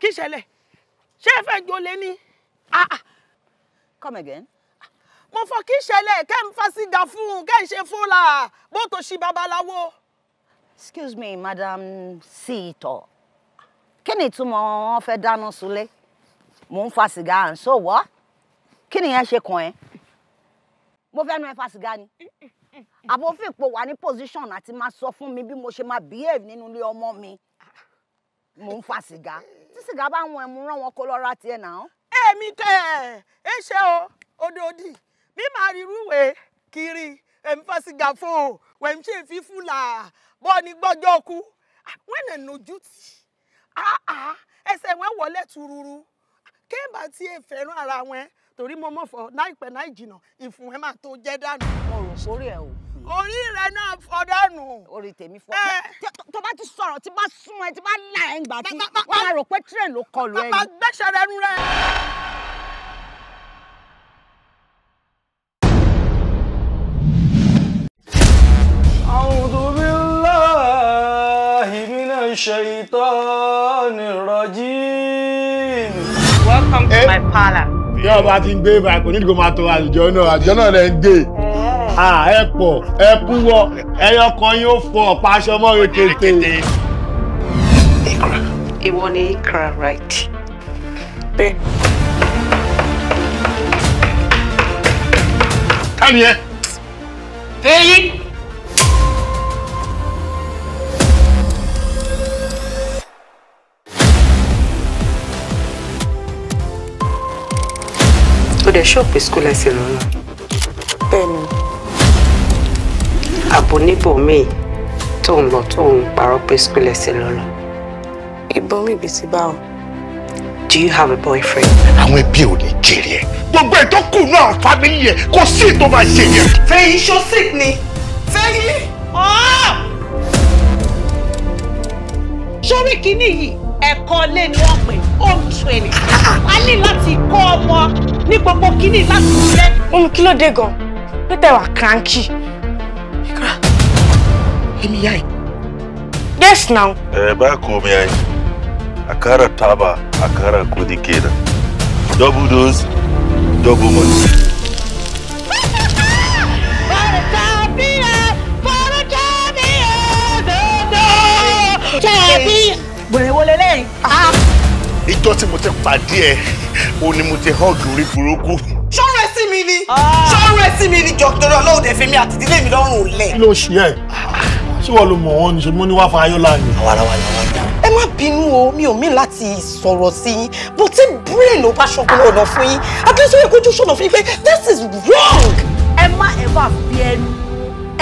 kí ṣẹlẹ̀ ṣé ẹ fẹ́ jolè ni. Ah, ah. come again. mo fọ kí ṣẹlẹ̀ kẹ́ ń fásidà fún un kẹ́ ń ṣe fúnra bó tó ṣe babaláwo. excuse me madam siitọ kí ni ìtumọ̀ wọn fẹ́ dáná sunlé mò ń fa sìgá à ń sọ wọ́ kí nìyẹn ṣe kàn ẹ́ mo fẹ́ nu ẹ fa sìgá ni àbòfin ipò wà ní position àti máa sọ fún mi bí mo ṣe máa behave nínú ilé ọmọ mi mò ń fa sìgá tí sìgá bá wọn ẹ̀mú rán wọn kó lọ ra tiẹ̀ náà. èmi kẹ ẹ ṣe o odòdì bí màá rí irúwé kiri èmi fa sìgá fún o wẹ̀mí ṣe fi fúlà bọ́ ni gbọ́jọ́ ku ah, wẹ́n ẹ̀ nojú tì ah, ah, ẹsẹ̀ wọn wọlé tururu kéèbà tí ẹ fẹ́ràn ara wọn torí mo mọ̀ fọ́ láìpẹ́ láì jìnnà ìfún ẹ máa tó jẹ́ dànù. mo rò sórí ẹ o orí rẹ náà fọ́ dànù. orí tèmi fọ́ eh. tó bá ti sọ̀rọ̀ tí bá súnmọ́ ẹ tí bá là ẹ ń gbà tí wọ́n á rò pé tírẹ̀ ló kọlù ẹ. bàbá gbẹ́sẹ̀ rẹ nú rẹ. Welcome to eh? my parlor. Bí ọba ti ń gbé báyìí kò ní ìdìbò máa tó àlùjọ náà, àlùjọ náà lẹ ń gbé. Ah, ẹ pọ̀ ẹ kúwọ́ ẹyọ kan yóò fọ ọ̀pá aṣọ mọ́ rekete. ikra ìwọ ni ikra right bẹ́ẹ̀. ẹ. fẹ́yìn. ó dẹ̀ ṣọ́ọ̀pù school ẹ̀sìn lọ́la. àbò níbòmíì tó ń lọ tó ń parọ́ pé school ẹ̀sìn ló lọ. ìbomi ibi ti bá o. do you have a boyfriend. àwọn ẹbí ò ní jèrè ẹ gbogbo ètò kùnú àwọn fámìlì ẹ kò sí ètò máa ṣe yẹn. fẹ́yìn ṣó sick ni fẹ́yìn. Ah! sórí kínní yìí ẹ̀kọ́ lé ní wọ́n pè home training a ní láti kọ́ ọmọ ní gbogbo kínní láti rẹ́. ohun kí ló dé gan-an pété wà cranky Himi Yes now. Eh back home, yai. Akara taba, akara kodi kudi Double dose, double money. wèrè wọlé lẹ́yìn. ìjọ tí mo ti pàdé ẹ o ni mo ti hug orí burúkú. ṣọ́ọ̀rẹ́ sí mi ni ah. ṣọ́ọ̀rẹ́ sí mi ni jọ̀dọ̀rọ̀ lóòdẹ̀ fèmí àti ìdílé mi lọ́rùn lẹ̀. kí ló ṣe ẹ́ ṣé wọ́n lo mọ̀ wọ́n ni ṣe mo ní wá fa ayọ́lá ni. àwa ara wa ni wọ́n dá. ẹ má bínú o mi ò mí láti sọ̀rọ̀ sí yín bó tí brain ò bá ṣọkùnrin ọ̀nà fún yín akẹ́sọ̀ yẹ kójú ṣọ̀nà fún yín pé this is wrong. ẹ má ẹ̀fà fi ẹnu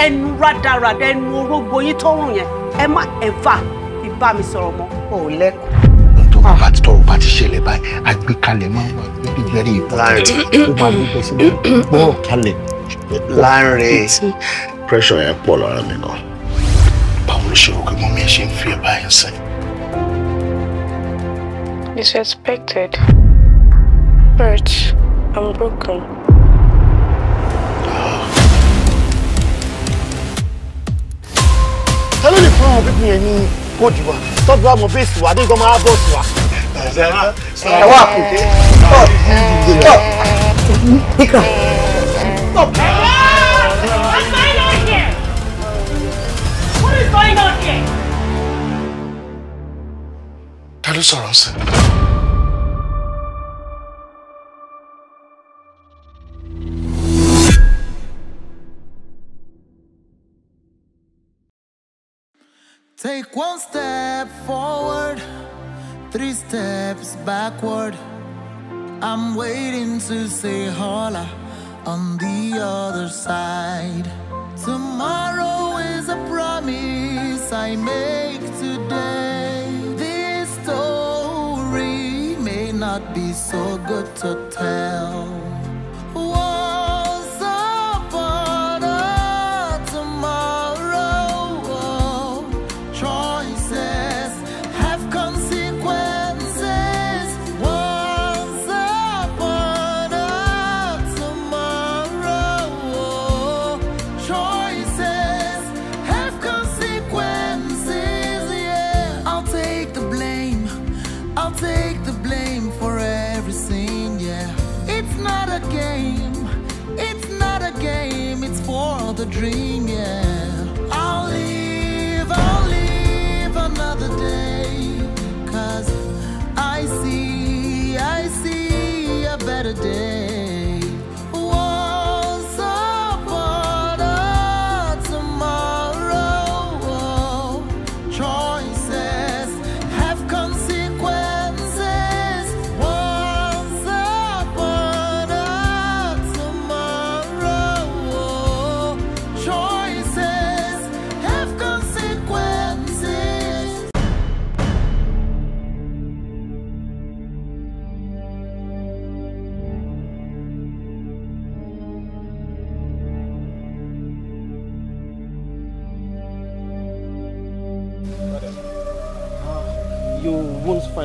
ẹnu rádaràda ẹnu orógbó yín tó rùn yẹn ẹ má ẹ̀fà fi bá mi sọ̀rọ̀ mọ́ ò lẹ́kọ̀ọ́. nítorí bá ti tọrọ bá ti ṣẹlẹ̀ báyìí àgbékalẹ̀ máa ń wà lórí pressure yẹn pọ̀ lọ́rọ̀ mi gan ṣe rò mo mi ṣe fi ẹ̀ báyìí sìn. It's expected. Hurt. I'm broken. Ta the phone. fún me pípín yẹn ní kóòdù wa? Tọ́jú wa mọ fèsì wa, dégbọ́n máa bọ̀ sí wa. Ẹ wá kò dé. Stop. Stop. Stop. Take one step forward, three steps backward. I'm waiting to say hola on the other side. Tomorrow is a promise I make today. not be so good to tell.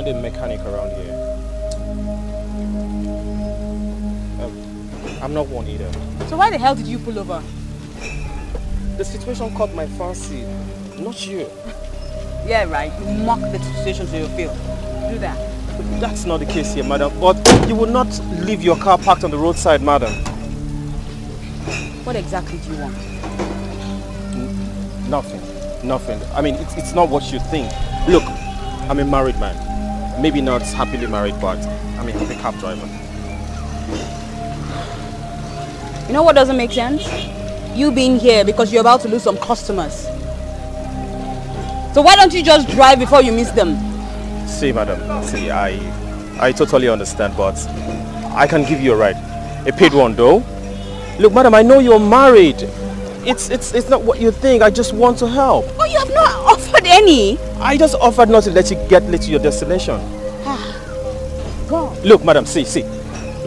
find a mechanic around here. Um, I'm not one either. So why the hell did you pull over? The situation caught my fancy, not you. yeah, right. You mock the situation to your field. Do that. that's not the case here, madam. But you will not leave your car parked on the roadside, madam. What exactly do you want? N nothing. Nothing. I mean, it's, it's not what you think. Look, I'm a married man maybe not happily married, but I'm a happy cab driver. You know what doesn't make sense? You being here because you're about to lose some customers. So why don't you just drive before you miss them? See, madam, see, I, I totally understand, but I can give you a ride. A paid one, though. Look, madam, I know you're married. It's, it's, it's not what you think. I just want to help any? I just offered not to let you get late to your destination. Ah, God. Look, madam, see, see.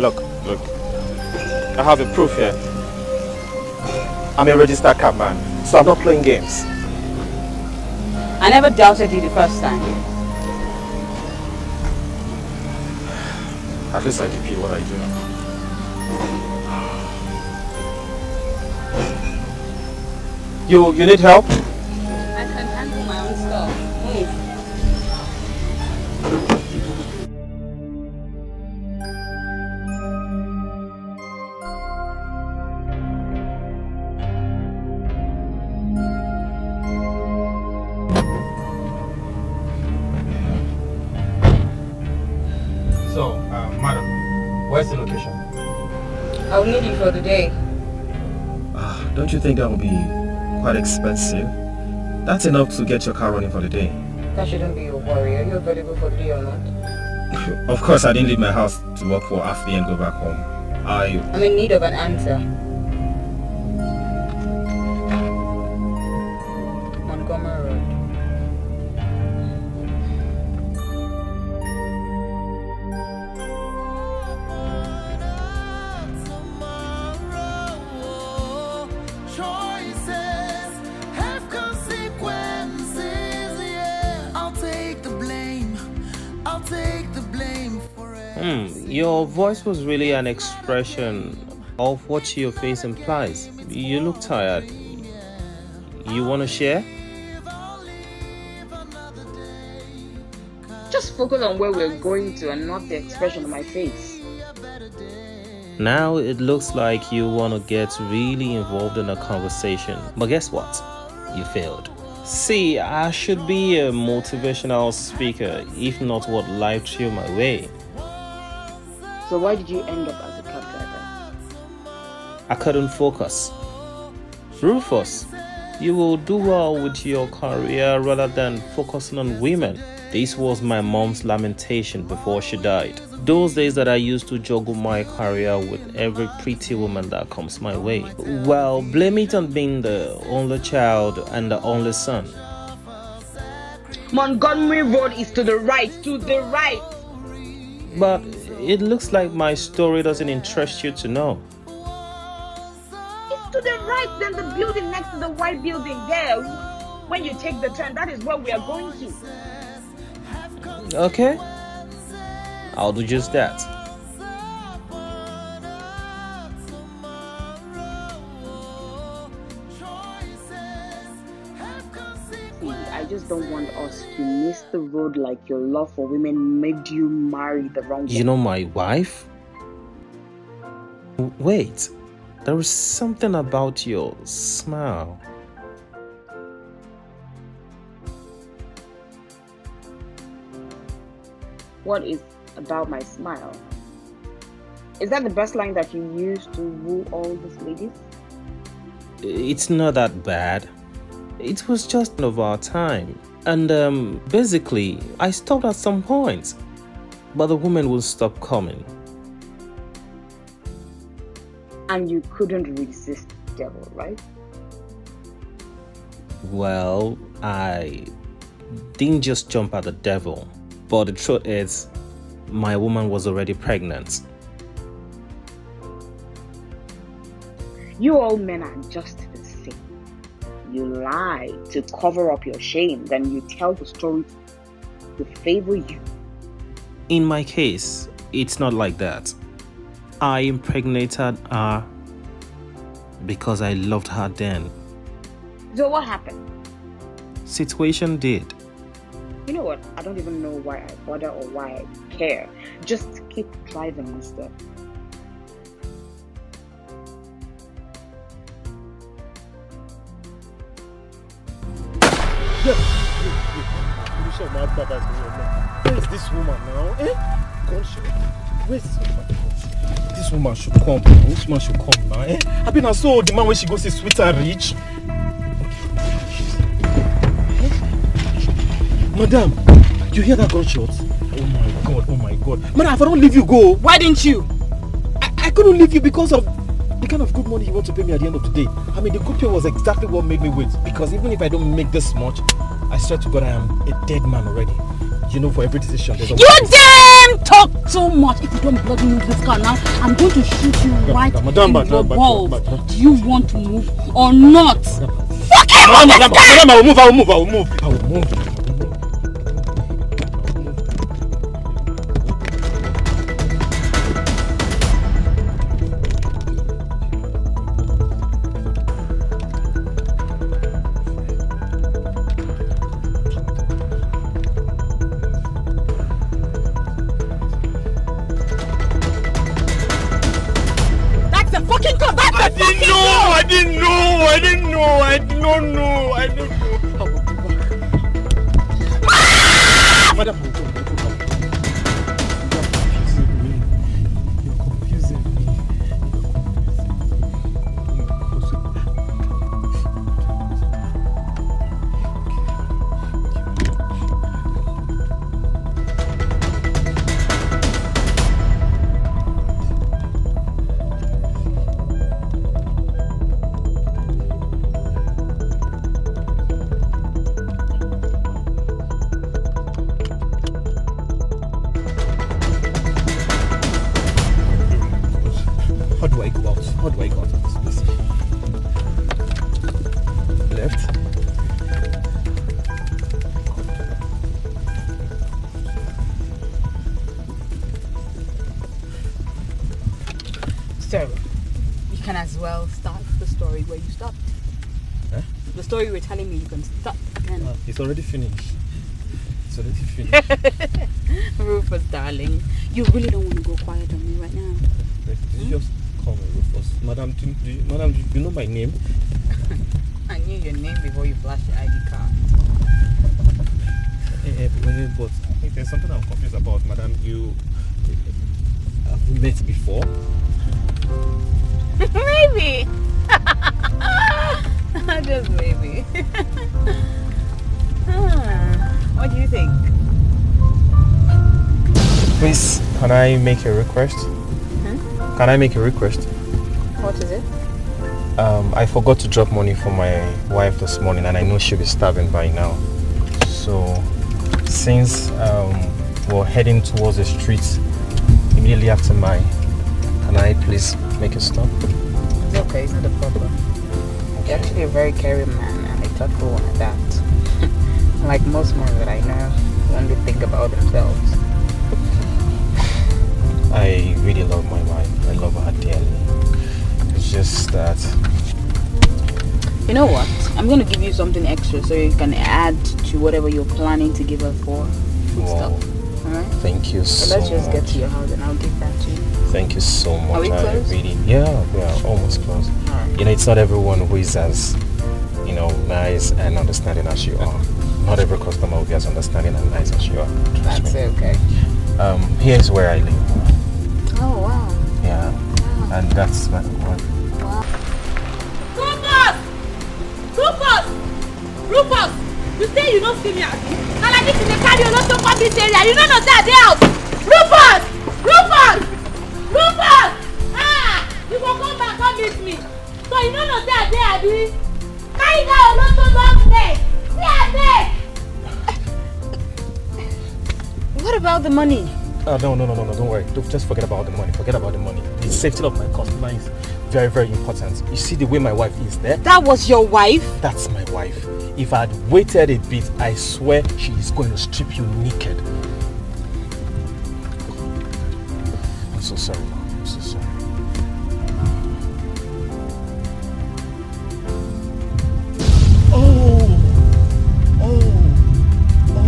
Look, look. I have a proof here. I'm a registered cabman, so I'm not playing games. I never doubted you the first time. At least I repeat what I do. You you need help? think that would be quite expensive. That's enough to get your car running for the day. That shouldn't be a worry. Are you available for the day or not? of course, I didn't leave my house to work for half day and go back home. I... I'm in need of an answer. Your voice was really an expression of what your face implies. You look tired. You want to share? Just focus on where we're going to and not the expression of my face. Now it looks like you want to get really involved in a conversation, but guess what? You failed. See, I should be a motivational speaker, if not what life threw my way. So why did you end up as a cab driver? I couldn't focus. Rufus, you will do well with your career rather than focusing on women. This was my mom's lamentation before she died. Those days that I used to juggle my career with every pretty woman that comes my way. Well, blame it on being the only child and the only son. Montgomery Road is to the right, to the right. But it looks like my story doesn't interest you to know. It's to the right, then the building next to the white building there. When you take the turn, that is where we are going to. Okay. I'll do just that. don't want us to miss the road like your love for women made you marry the wrong You know my wife? Wait, there is something about your smile. What is about my smile? Is that the best line that you use to woo all these ladies? It's not that bad it was just of our time. And um, basically, I stopped at some point, but the woman would stop coming. And you couldn't resist the devil, right? Well, I didn't just jump at the devil, but the truth is, my woman was already pregnant. You all men are just you lie to cover up your shame, then you tell the story to favor you. In my case, it's not like that. I impregnated her because I loved her then. So, what happened? Situation did. You know what? I don't even know why I bother or why I care. Just keep driving, mister. Yes. Where is this woman now? Eh? Gunshot. Where is this woman? This woman should come. This woman should come now. Eh? I've been so the man when she goes see sweeter rich. Eh? Madam, you hear that gunshot? Oh my god, oh my god. Madam, if I don't leave you go. Why didn't you? I, I couldn't leave you because of the kind of good money you want to pay me at the end of the day. I mean, the good pay was exactly what made me wait. Because even if I don't make this much, I swear to God, I am a dead man already. You know, for every decision, there's a You damn talk too much. If you don't bloody move this car now, I'm going to shoot you madam, right madam, in madam, your balls. Do you want to move or not? Fuck him! this car! Madam, I will move, I will move, I will move. I will move. a request? Hmm? Can I make a request? What is it? Um, I forgot to drop money for my wife this morning and I know she'll be starving by now. So since um, we're heading towards the streets immediately after my, can I please make a stop? It's okay, it's not a problem. Okay. You're actually a very caring man and a thoughtful one at that. like most men that I know, only think about themselves. I really love my wife. I love her dearly. It's just that. You know what? I'm going to give you something extra so you can add to whatever you're planning to give her for food wow. Alright? Thank you so, Let's just much. get to your house and I'll give that to you. Thank you so much. Are we close? Really, yeah, we are almost close. Right. You know, it's not everyone who is as, you know, nice and understanding as you are. Not every customer will be as understanding and nice as you are. That's me. okay. Um, here's where I live. and that's my one. Rufus! Rufus! Rufus! You say you don't see me abi? Na like this you dey carry oloto come this area, you no know say I dey out. Rufus! Rufus! Rufus! Ah! You go come back and meet me. So you no know say I dey abi? Carry that oloto long neck. See I dey. What about the money? Uh, no, no, no, no, no, don't worry. Just forget about the money. Forget about the money. the safety of my customer is very, very important. You see the way my wife is there? That was your wife? That's my wife. If I had waited a bit, I swear she is going to strip you naked. I'm so sorry, Mom. I'm so sorry. Oh! Oh! Oh!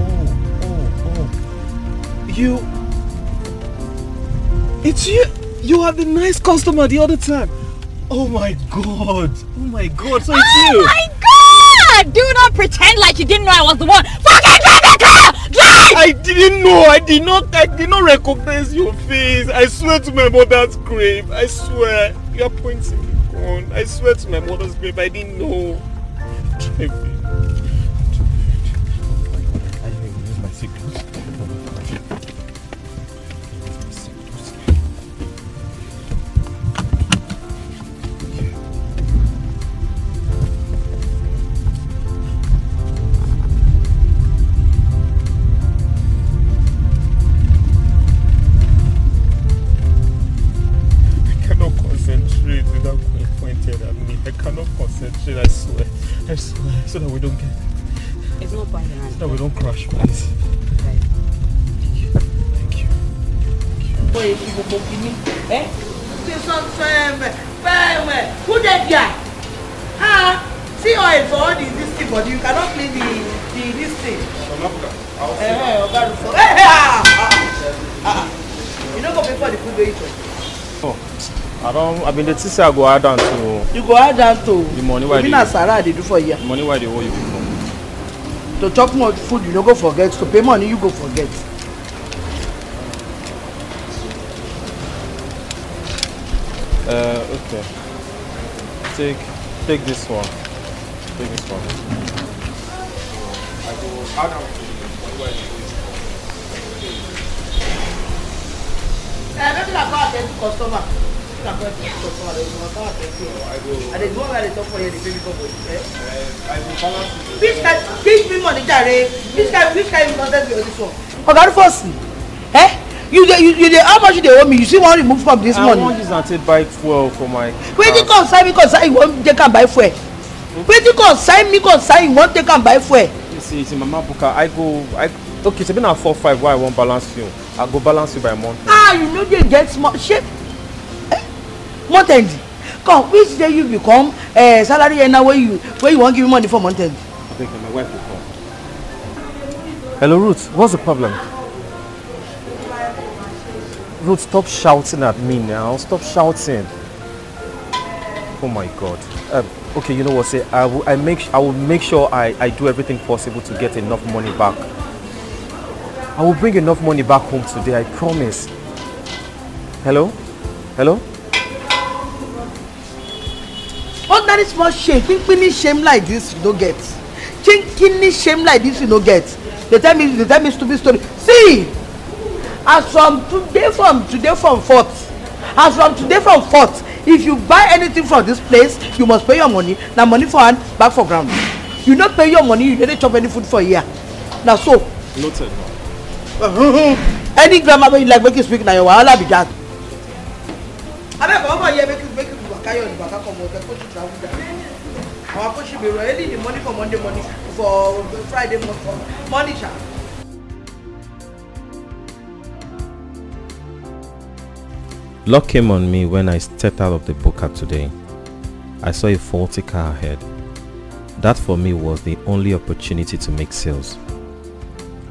Oh! Oh! Oh! oh. You you, you are the nice customer the other time. Oh my god. Oh my god, so it's oh you. Oh my god! Do not pretend like you didn't know I was the one. Fucking drive the car! Drive! I didn't know. I did not I did not recognize your face. I swear to my mother's grave. I swear. You are pointing me gone. I swear to my mother's grave. I didn't know. Drive see oil oh, for all the this thing, but you cannot clean the, the this thing. Eh, eh, Oga Rufo. Eh, eh, ah ah, ah, ah, ah. You no go before the food waiter. Oh. I don't. I been mean, the teacher I go add down to. You go add down to. The money why. Even as Sarah they do for here. The money why they owe you before. To chop more food you don't go forget. To pay money you go forget. Uh, okay. Take. Take this one. Take this one. I will add up to whatever you use for. Ẹ ló kọ́ àtẹ́tù kọ́sọ́mà. Ó kọ́ àtẹ́tù kọ́sọ́mà lórí wọn kọ́ àtẹ́tù. Àdègbè wọn rẹ̀ tọ́pọ̀ yẹn ní bébí kọ́bọ̀ yìí. Which kind which mímọ̀ níjàre? Which kind which kind of contest be on this one? Ọ̀gá Rufus, ẹ́. Eh? you dey you, you dey how much you dey owe me you still wan remove from this I money. i wan use am buy fuel for my car. wetin concern me concern you wan take am buy fuel hmm? wetin concern me concern you wan take am buy fuel. see see mama buka i go i okay shebi na four five wey i wan balance you i go balance you by month. ah you no dey get small shape eh? month end come which day you become uh, salary earner wey you wey you wan give me money for month end. abeg na my wife go come. hello ruth what's the problem. Ruth, stop shouting at me now. Stop shouting. Oh my God. Um, okay, you know what? Say I will. I make. I will make sure I, I do everything possible to get enough money back. I will bring enough money back home today. I promise. Hello, hello. All that is much shame. Think, Kinkini shame like this you don't get. Kinkini shame like this you don't get. They tell me. They tell me stupid story. See. as from today from today from fourth, as from today from fourth, if you buy anything from this place you must pay your money na money for hand back for ground you no pay your money you no dey chop any food for here na so. noted ma. any grammar wey you like make you speak na your wahala be that. abeg comot over here make you make you waka your waka comot dey go to travel there. our coach be ready the money for monday morning for friday morning for morning sha. Luck came on me when I stepped out of the Boca today. I saw a faulty car ahead. That for me was the only opportunity to make sales.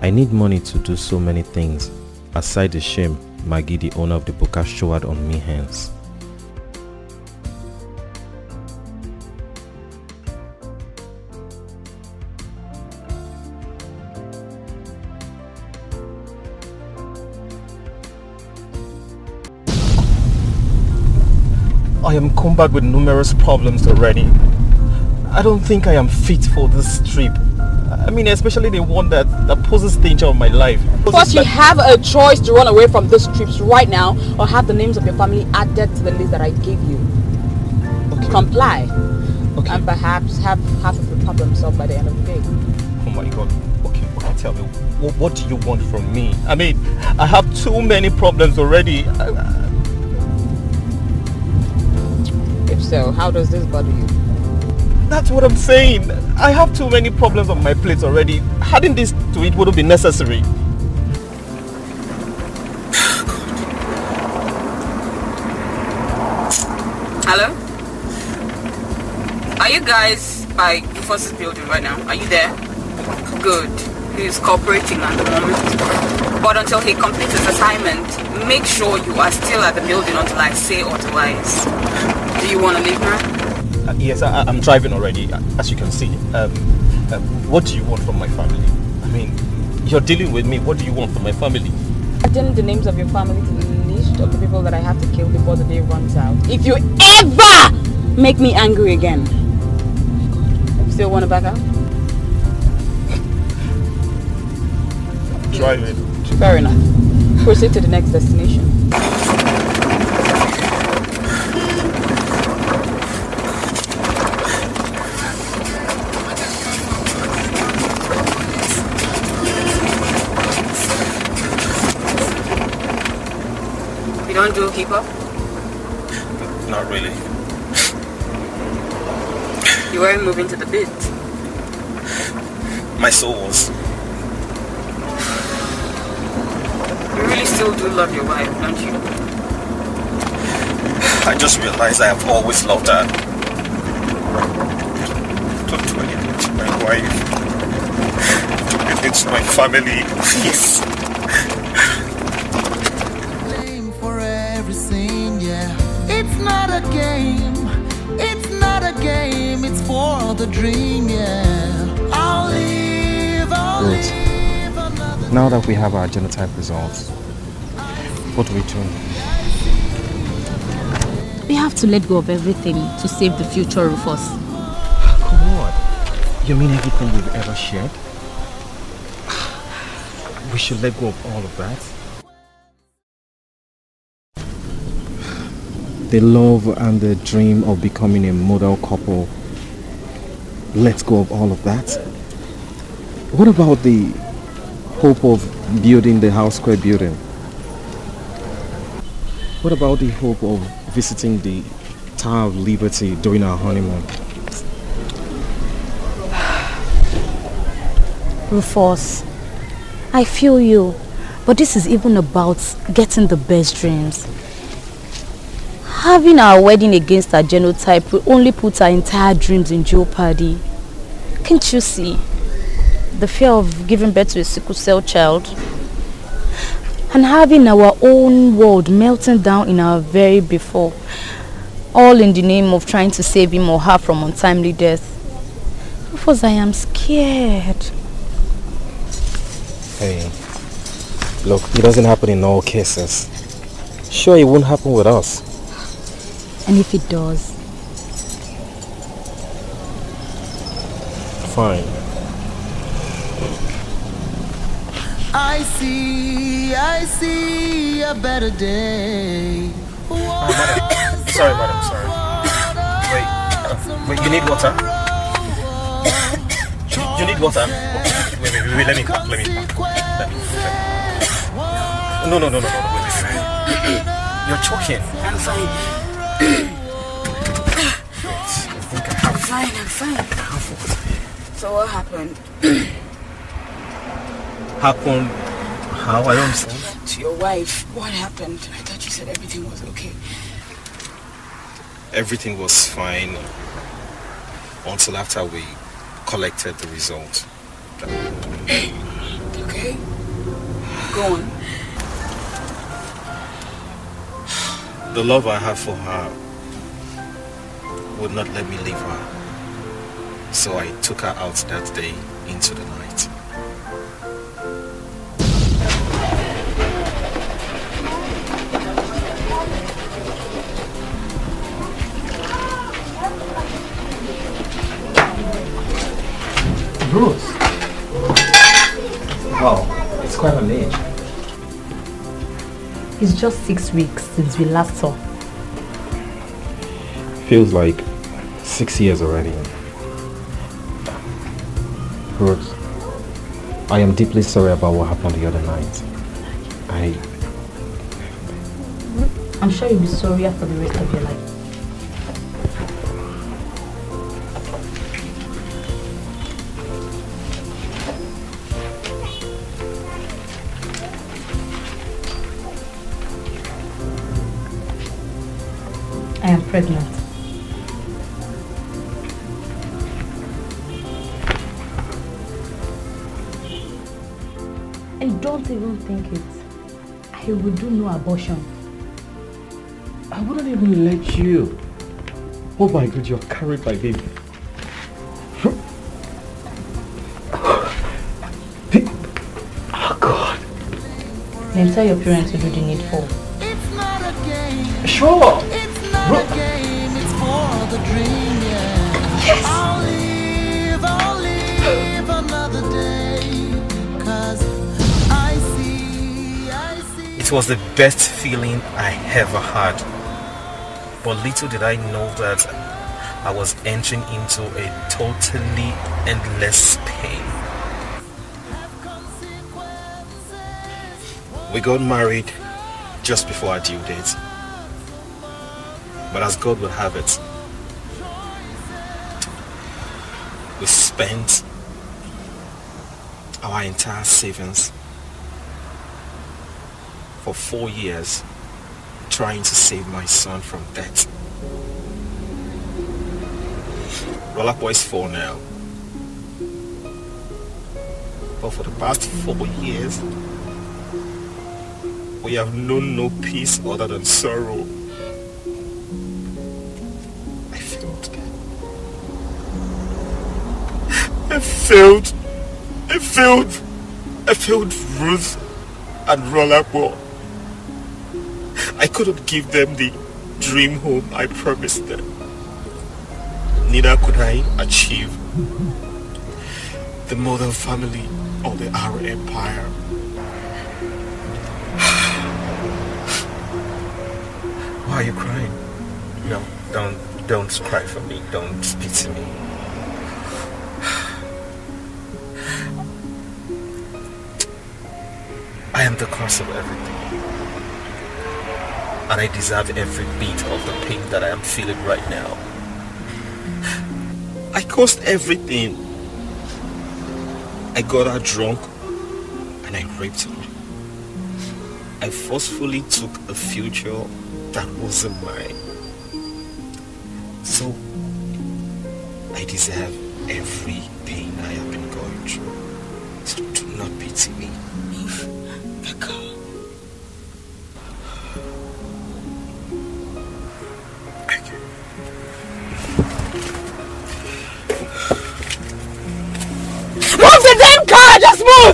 I need money to do so many things, aside the shame Maggie, the owner of the Boca, showered on me hence. I am come back with numerous problems already. I don't think I am fit for this trip. I mean, especially the one that, that poses danger of my life. Of course, you have a choice to run away from this trip right now or have the names of your family added to the list that I gave you. Okay. Comply. Okay. And perhaps have half of the problem solved by the end of the day. Oh my God. Okay, okay, tell me, what, what do you want from me? I mean, I have too many problems already. I, so how does this bother you? That's what I'm saying. I have too many problems on my plate already. Adding this to it wouldn't be necessary. Hello? Are you guys by forces building right now? Are you there? Good. He's cooperating at the moment. But until he completes his assignment, make sure you are still at the building until I say otherwise. Do you want to leave now? Uh, yes, I, am driving already, uh, as you can see. Um, um, what do you want from my family? I mean, you're dealing with me. What do you want from my family? I tell the names of your family to the list of the people that I have to kill before the day runs out. If you ever make me angry again, you still want to back out? Driving. Fair enough. Proceed to the next destination. You do keep up? Not really. you weren't moving to the beat. My soul was. You really still do love your wife, don't you? I just realized I have always loved her. Don't do anything to my wife. Do anything to my family, please. a game. It's not a game. It's for the dream, yeah. I'll leave, I'll leave Now that we have our genotype results, what do we do? We have to let go of everything to save the future of us. Come on. You mean everything we've ever shared? We should let go of all of that. The love and the dream of becoming a model couple. Let's go of all of that. What about the hope of building the house square building? What about the hope of visiting the Tower of Liberty during our honeymoon? Rufus, I feel you, but this is even about getting the best dreams. Having our wedding against our genotype will only put our entire dreams in jeopardy. Can't you see? The fear of giving birth to a sickle cell child and having our own world melting down in our very before, all in the name of trying to save him or her from untimely death. Because I am scared. Hey, look, it doesn't happen in all cases. Sure, it won't happen with us. And if it does? Fine. I see, I see a better day. Sorry, oh, sorry, madam, sorry. Wait, uh, wait, you need water? you need water? wait, wait, wait, wait, let me let me Let me, let me. No, no, no, no, no, wait, wait, wait. You're choking. I'm fine, I'm fine. So what happened? happened? How? I don't know. To your wife. What happened? I thought you said everything was okay. Everything was fine until after we collected the result. okay. Go on. The love I have for her would not let me leave her. So I took her out that day into the night. Bruce. Wow, it's quite an age. It's just six weeks since we last saw. Feels like six years already. I am deeply sorry about what happened the other night. I... I'm sure you'll be sorrier for the rest of your life. I am pregnant. I don't even think it. I will do no abortion. I wouldn't even let you. Oh my god, you're carried by baby. Oh god. Then tell your parents to do the needful. Sure. It's not Bro. a game, it's for the dream, yeah. Yes. I'll leave, I'll leave. It was the best feeling I ever had. But little did I know that I was entering into a totally endless pain. We got married just before our due date. But as God would have it, we spent our entire savings for four years trying to save my son from death. Rolapoi is four now. But for the past four years, we have known no peace other than sorrow. I failed. I failed. I failed. I failed Ruth and boy. I couldn't give them the dream home I promised them. Neither could I achieve the model family or the Arab empire. Why are you crying? No, don't, don't cry for me. Don't speak to me. I am the cause of everything and I deserve every bit of the pain that I am feeling right now. I caused everything. I got her drunk and I raped her. I forcefully took a future that wasn't mine. So, I deserve every pain I have.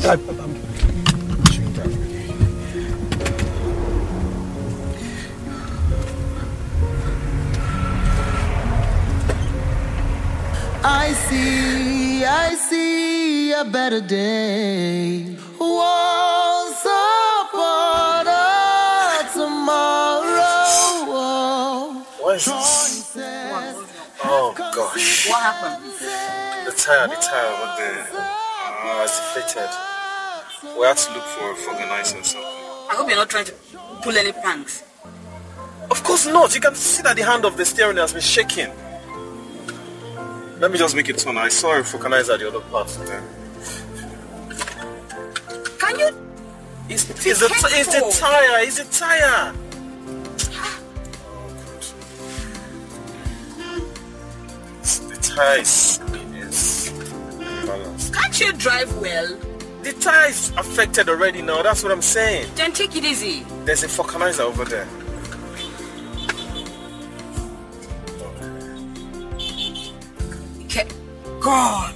I, am chewing gum again. I see, I see a better day. Walls upon a tomorrow. What is Oh gosh. What happened? The tire, the tire, what the. Oh, it's deflated. We had to look for a fucking nice or something. I hope you're not trying to pull any pranks. Of course not. You can see that the hand of the steering has been shaking. Let me just make it turn. I saw a vulcanizer at the other part there. Can you? It's, it's, a it's a tire. It's a tire. Ah. the tire is, is balanced. Can't you drive well? The tire is affected already now, that's what I'm saying. Then take it easy. There's a vulcanizer over there. Okay. God!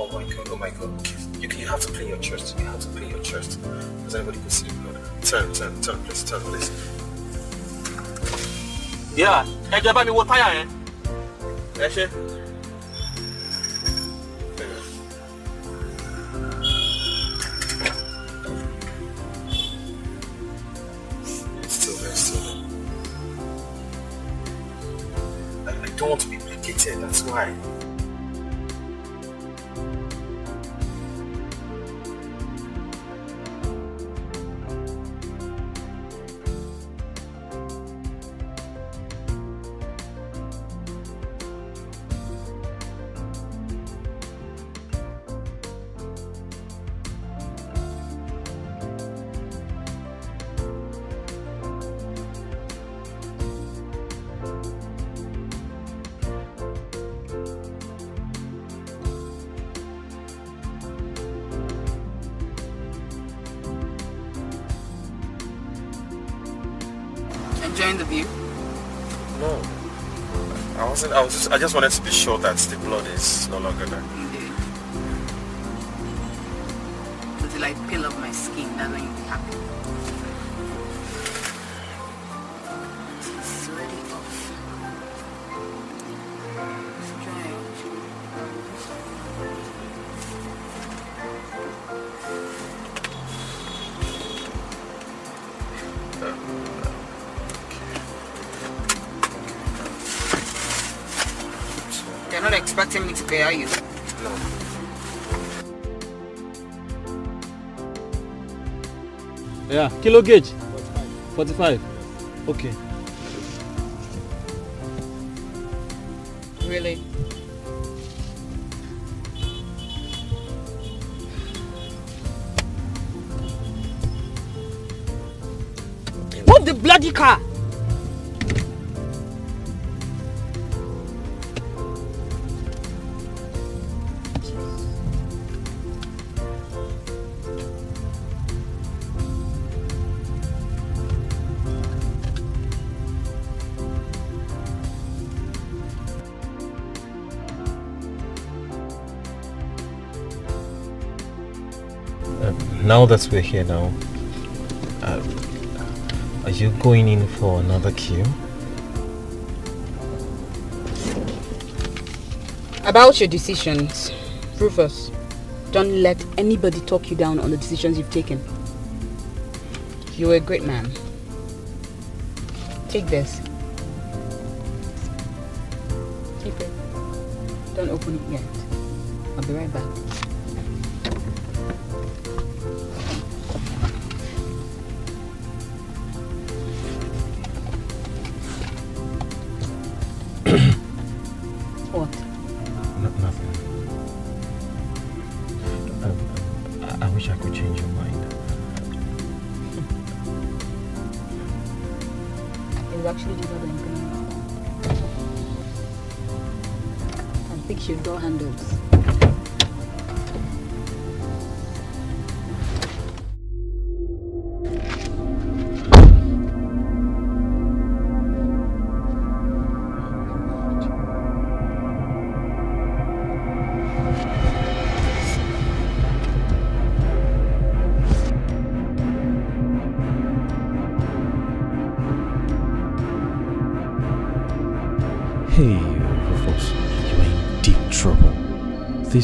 Oh my god, oh my god. You, you have to clean your chest, you have to clean your chest. Does anybody can see blood? Turn, turn, turn, please, turn, please. Yeah, ẹ jẹ́ bá mi wo táyà that shit? I don't want to be placated, that's why. I just wanted to be sure that the blood is no longer there. Until I peel off my skin, that's when you be happy. Yeah, kilo gauge? 45. 45? Okay. Really? Move the bloody car! now that we're here now, um, are you going in for another queue? About your decisions, Rufus, don't let anybody talk you down on the decisions you've taken. You're a great man. Take this. Keep it. Don't open it yet. I'll be right back.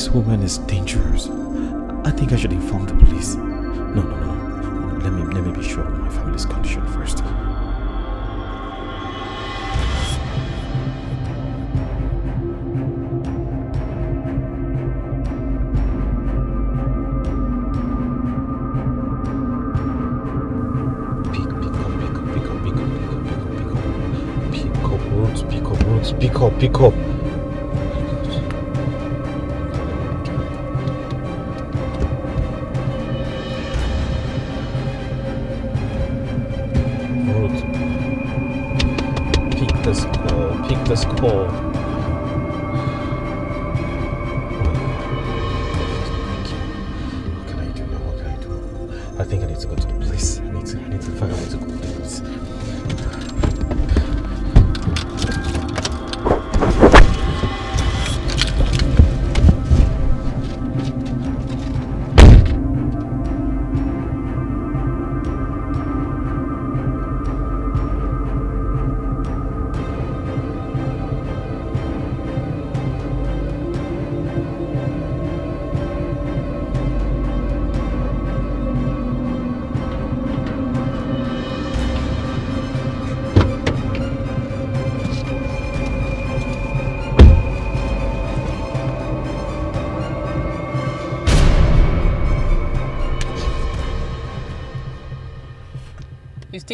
This woman is dangerous. I think I should inform the police. this uh, pick this can I think I need to go to the place. I need to, I need to find a way to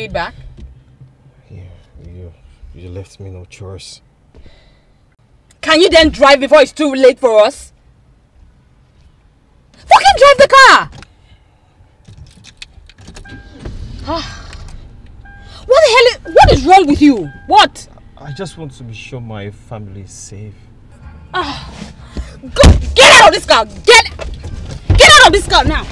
stayed back? You, you, you left me no choice. Can you then drive before it's too late for us? Fucking drive the car! Ah. what the hell? Is, what is wrong with you? What? I just want to be sure my family is safe. Ah. go, get out of this car! Get, get out of this car now!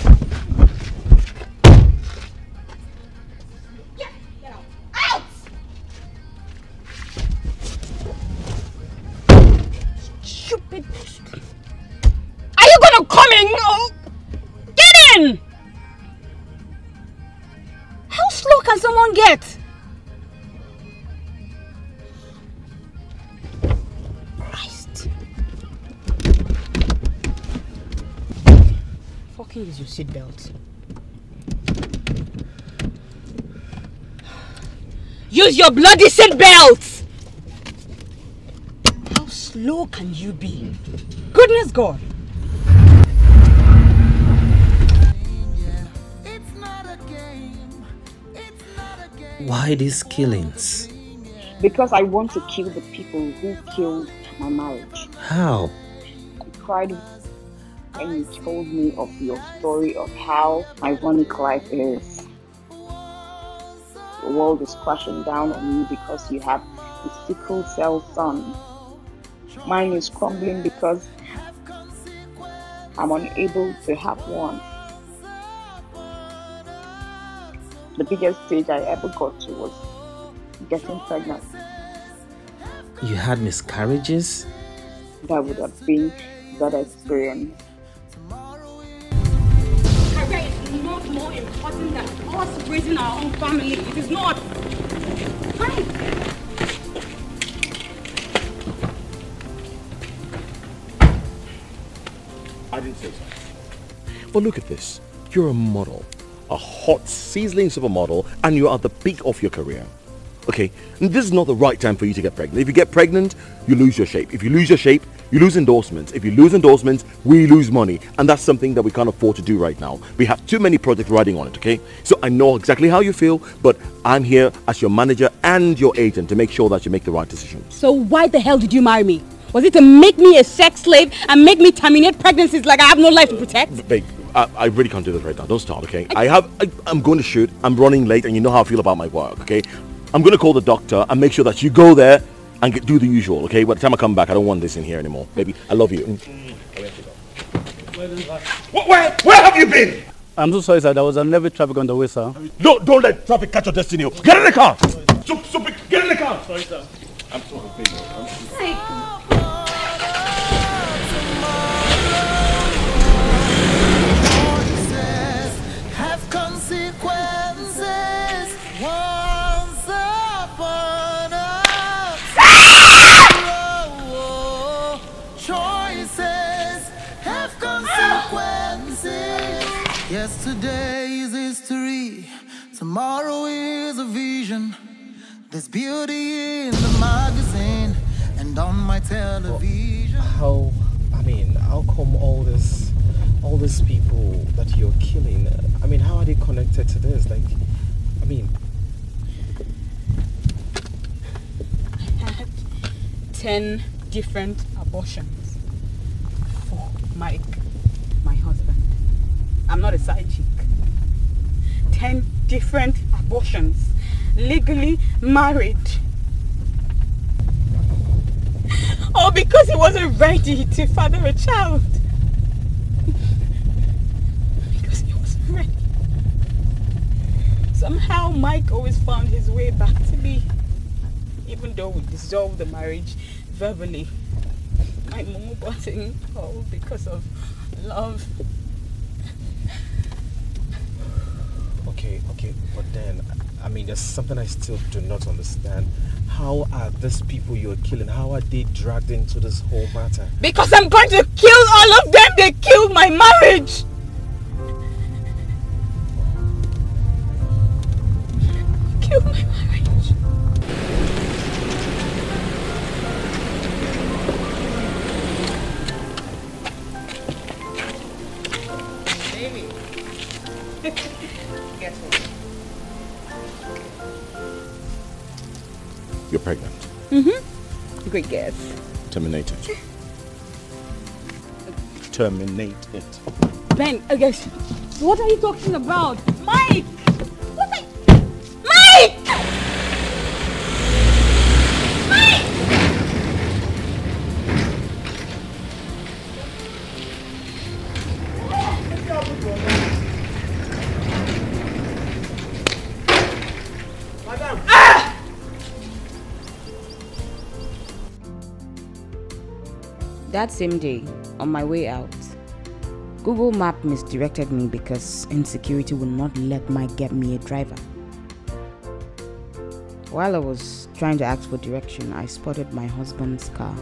your seatbelt. Use your bloody seatbelt! How slow can you be? Goodness God! Why these killings? Because I want to kill the people who killed my marriage. How? I cried and you told me of your story of how ironic life is. The world is crashing down on you because you have a sickle cell son. Mine is crumbling because I'm unable to have one. The biggest stage I ever got to was getting pregnant. You had miscarriages? That would have been that experience. within our own family. It is not. Fine. I didn't say so. But look at this. You're a model. A hot, sizzling supermodel, and you're at the peak of your career okay, this is not the right time for you to get pregnant. If you get pregnant, you lose your shape. If you lose your shape, you lose endorsements. If you lose endorsements, we lose money. And that's something that we can't afford to do right now. We have too many projects riding on it, okay? So I know exactly how you feel, but I'm here as your manager and your agent to make sure that you make the right decision. So why the hell did you marry me? Was it to make me a sex slave and make me terminate pregnancies like I have no life to protect? Uh, babe, I, I, really can't do this right now. Don't start, okay? I, I have, I, am going to shoot. I'm running late, and you know how I feel about my work, okay? I'm going to call the doctor and make sure that you go there and get, do the usual, okay? By the time I come back, I don't want this in here anymore. Baby, I love you. Where, where, where have you been? I'm so sorry, sir. There was a heavy traffic on the way, sir. No, don't let traffic catch your destiny. Get in the car! Sorry, get in the car! Sorry, sir. Yesterday is history, tomorrow is a vision. There's beauty in the magazine and on my television. Well, how, I mean, how come all this, all these people that you're killing, I mean, how are they connected to this? Like, I mean, I had 10 different abortions for Mike. I'm not a side chick. 10 different abortions. Legally married. All because he wasn't ready to father a child. because he wasn't ready. Somehow Mike always found his way back to me. Even though we dissolved the marriage verbally. My mom button all because of love okay, okay, but then, I mean, there's something I still do not understand. How are these people you're killing, how are they dragged into this whole matter? Because I'm going to kill all of them! They killed my marriage! Kill my marriage. Baby. Guess You're pregnant. Mm-hmm. Great guess. Terminate it. Ben, okay. What are you talking about? Mike! That same day, on my way out, Google Map misdirected me because insecurity would not let my get me a driver. While I was trying to ask for direction, I spotted my husband's car.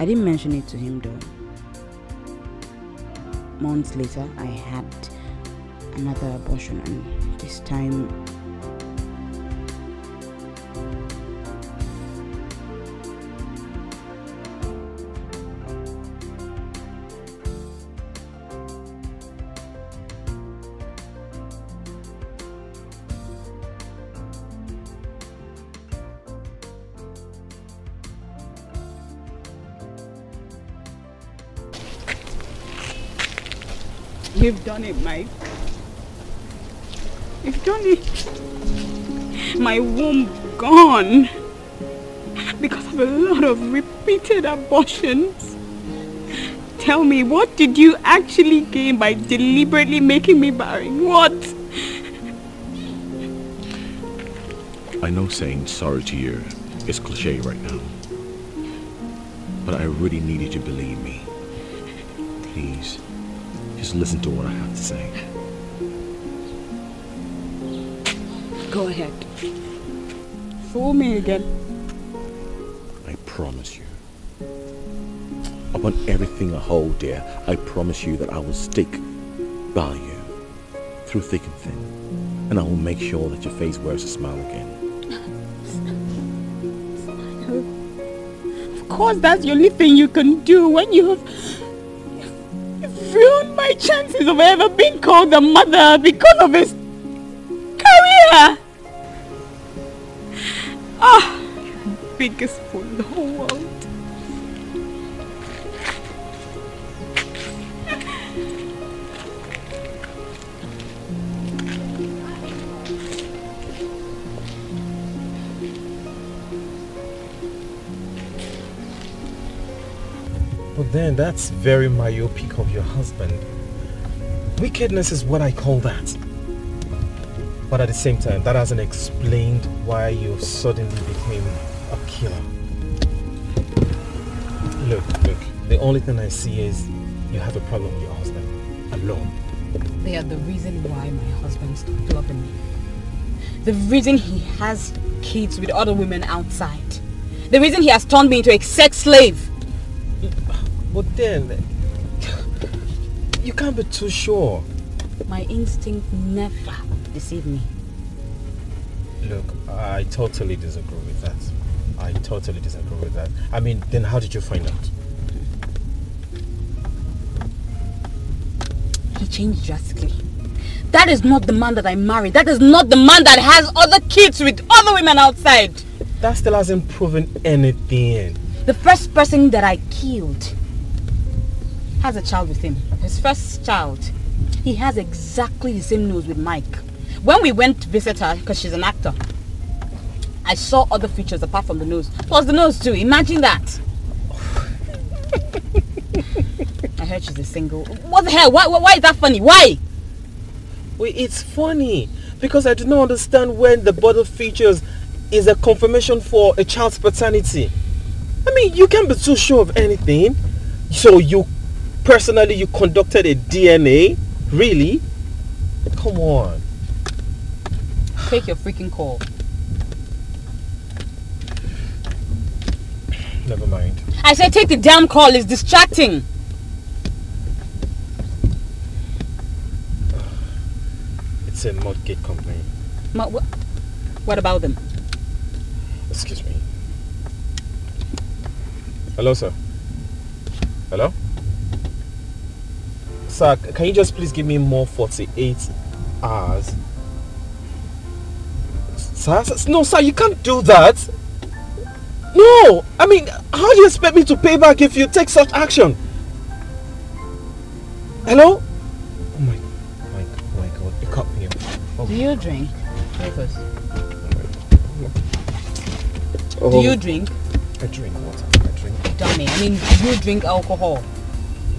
I didn't mention it to him though. Months later, I had another abortion, and this time don't my if you my womb gone because of a lot of repeated abortions. Tell me, what did you actually gain by deliberately making me barren? What? I know saying sorry to you is cliche right now. But I really needed you to believe me. Please. Just listen to what I have to say. Go ahead. Fool me again. I promise you. Upon everything I hold dear, I promise you that I will stick by you through thick and thin. And I will make sure that your face wears a smile again. Of course, that's the only thing you can do when you have chances of ever being called a mother because of his career? Ah, oh, biggest fool in the whole world. But then that's very myopic of your husband. Wickedness is what I call that. But at the same time, that hasn't explained why you suddenly became a killer. Look, look, the only thing I see is you have a problem with your husband. Alone. They are the reason why my husband stopped loving me. The reason he has kids with other women outside. The reason he has turned me into a sex slave. But then, you can't be too sure. My instinct never deceived me. Look, I totally disagree with that. I totally disagree with that. I mean, then how did you find out? He changed drastically. That is not the man that I married. That is not the man that has other kids with other women outside. That still hasn't proven anything. The first person that I killed has a child with him. His first child. He has exactly the same nose with Mike. When we went to visit her, because she's an actor, I saw other features apart from the nose. Plus the nose too. Imagine that. I heard she's a single. What the hell? Why, why, why is that funny? Why? Well, it's funny because I do not understand when the bottle features is a confirmation for a child's paternity. I mean, you can't be too sure of anything. So you Personally, you conducted a DNA? Really? Come on. Take your freaking call. Never mind. I said take the damn call, it's distracting. It's a mortgage company. Ma wh what about them? Excuse me. Hello, sir. Hello? Sir, can you just please give me more 48 hours? Sir, no, sir, you can't do that. No, I mean, how do you expect me to pay back if you take such action? Hello? Oh my, my, my God, you cut me Oh. Do you drink? Focus. Oh. Do you drink? I drink water. I drink. Dummy, I mean, do you drink alcohol?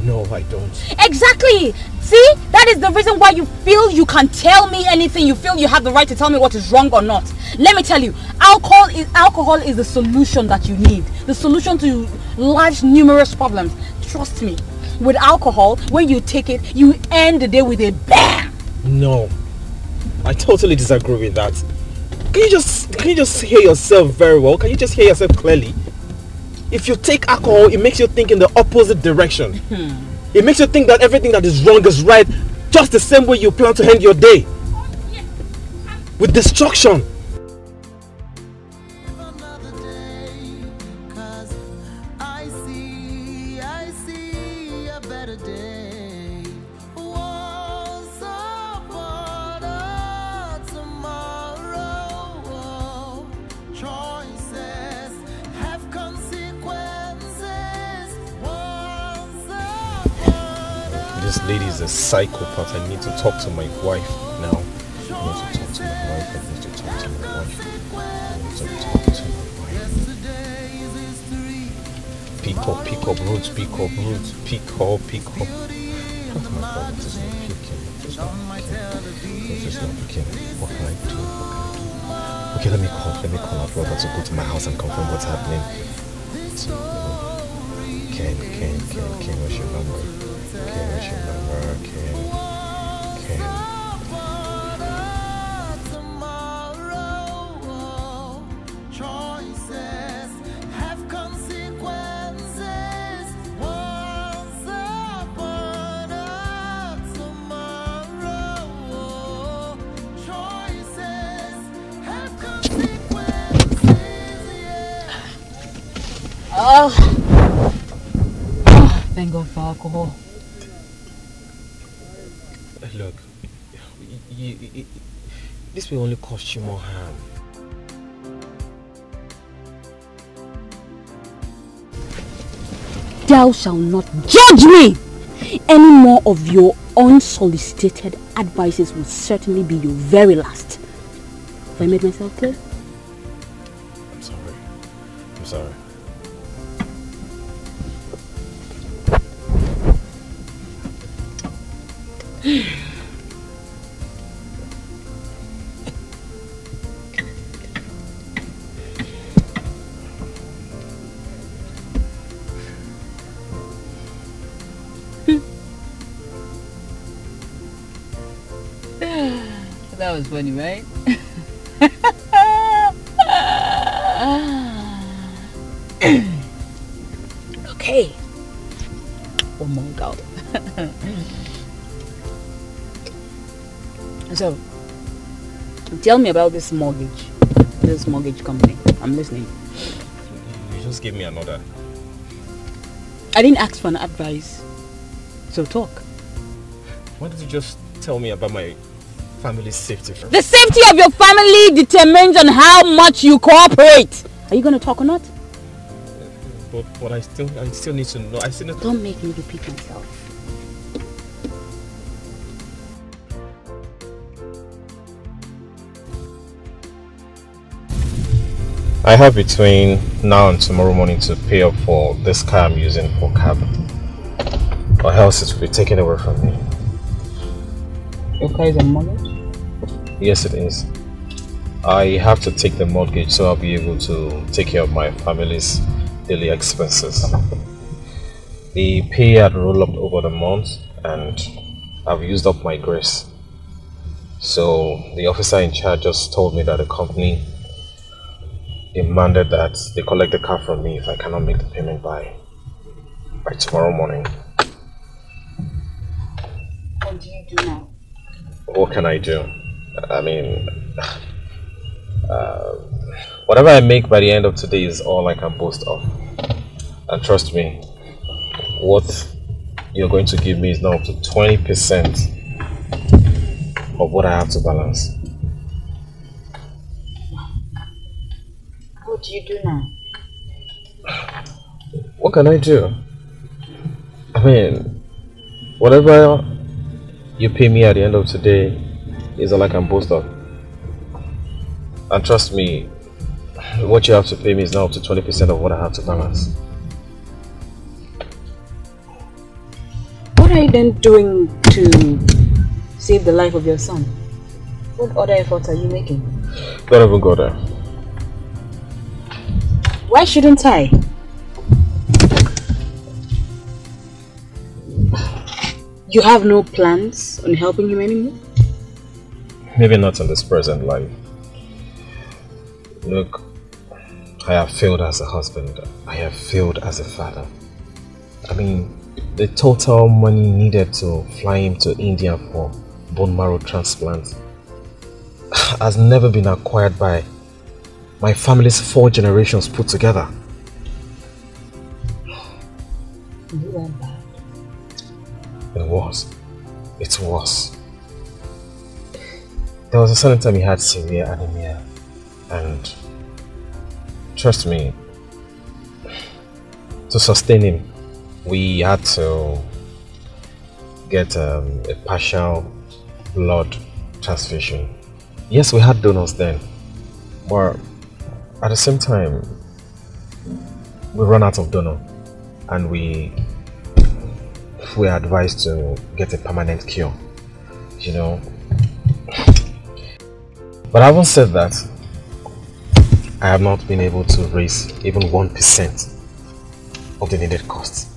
No, I don't. Exactly! See? That is the reason why you feel you can tell me anything. You feel you have the right to tell me what is wrong or not. Let me tell you, alcohol is, alcohol is the solution that you need. The solution to large, numerous problems. Trust me. With alcohol, when you take it, you end the day with a bam! No. I totally disagree with that. Can you just can you just hear yourself very well? Can you just hear yourself clearly? if you take alcohol, it makes you think in the opposite direction. Hmm. it makes you think that everything that is wrong is right, just the same way you plan to end your day. Oh, With destruction. to talk to my wife now. I need to talk to my wife. I need to talk to my wife. I need to talk to my wife. Pick up, pick up roots, pick up roots, pick up, pick up. Oh my god, it is not picking. It is not picking. It is not picking. What can I do? What can I do? Okay, let me call. Let me call my brother to go to my house and confirm what's happening. Ken, Ken, Ken, Ken, what's your number? Ken, what's your number? Ken. Oh. oh. Thank God for alcohol. Look, you, you, you, this will only cost you more harm. Thou shalt not judge me! Any more of your unsolicited advices will certainly be your very last. Have I made myself clear? I'm sorry. I'm sorry. that was funny, right? Tell me about this mortgage. This mortgage company. I'm listening. You just gave me another. I didn't ask for an advice. So talk. Why don't you just tell me about my family's safety first? The safety of your family determines on how much you cooperate. Are you going to talk or not? But, but I still I still need to know. I still need Don't make me repeat myself. I have between now and tomorrow morning to pay up for this car I'm using for cab. Or else it will be taken away from me. Your car is a mortgage? Yes, it is. I have to take the mortgage so I'll be able to take care of my family's daily expenses. The pay had rolled up over the month and I've used up my grace. So the officer in charge just told me that the company demanded that they collect the car from me if I cannot make the payment by by tomorrow morning. What do you do now? What can I do? I mean, uh, whatever I make by the end of today is all I can boast of. And trust me, what you're going to give me is now up to 20% of what I have to balance. What do you do now? What can I do? I mean, whatever you pay me at the end of today is all I can boast of. And trust me, what you have to pay me is now up to 20% of what I have to balance. What are you then doing to save the life of your son? What other efforts are you making? Don't even go there. Why shouldn't I? You have no plans on helping him anymore? Maybe not in this present life. Look, I have failed as a husband. I have failed as a father. I mean, the total money needed to fly him to India for bone marrow transplant has never been acquired by my family's four generations put together. You were bad. It was. It was. There was a certain time he had severe anemia and trust me, to sustain him, we had to get um, a partial blood transfusion. Yes, we had donors then, but at the same time, we run out of donor and we we are advised to get a permanent cure. You know. But having said that, I have not been able to raise even 1% of the needed costs.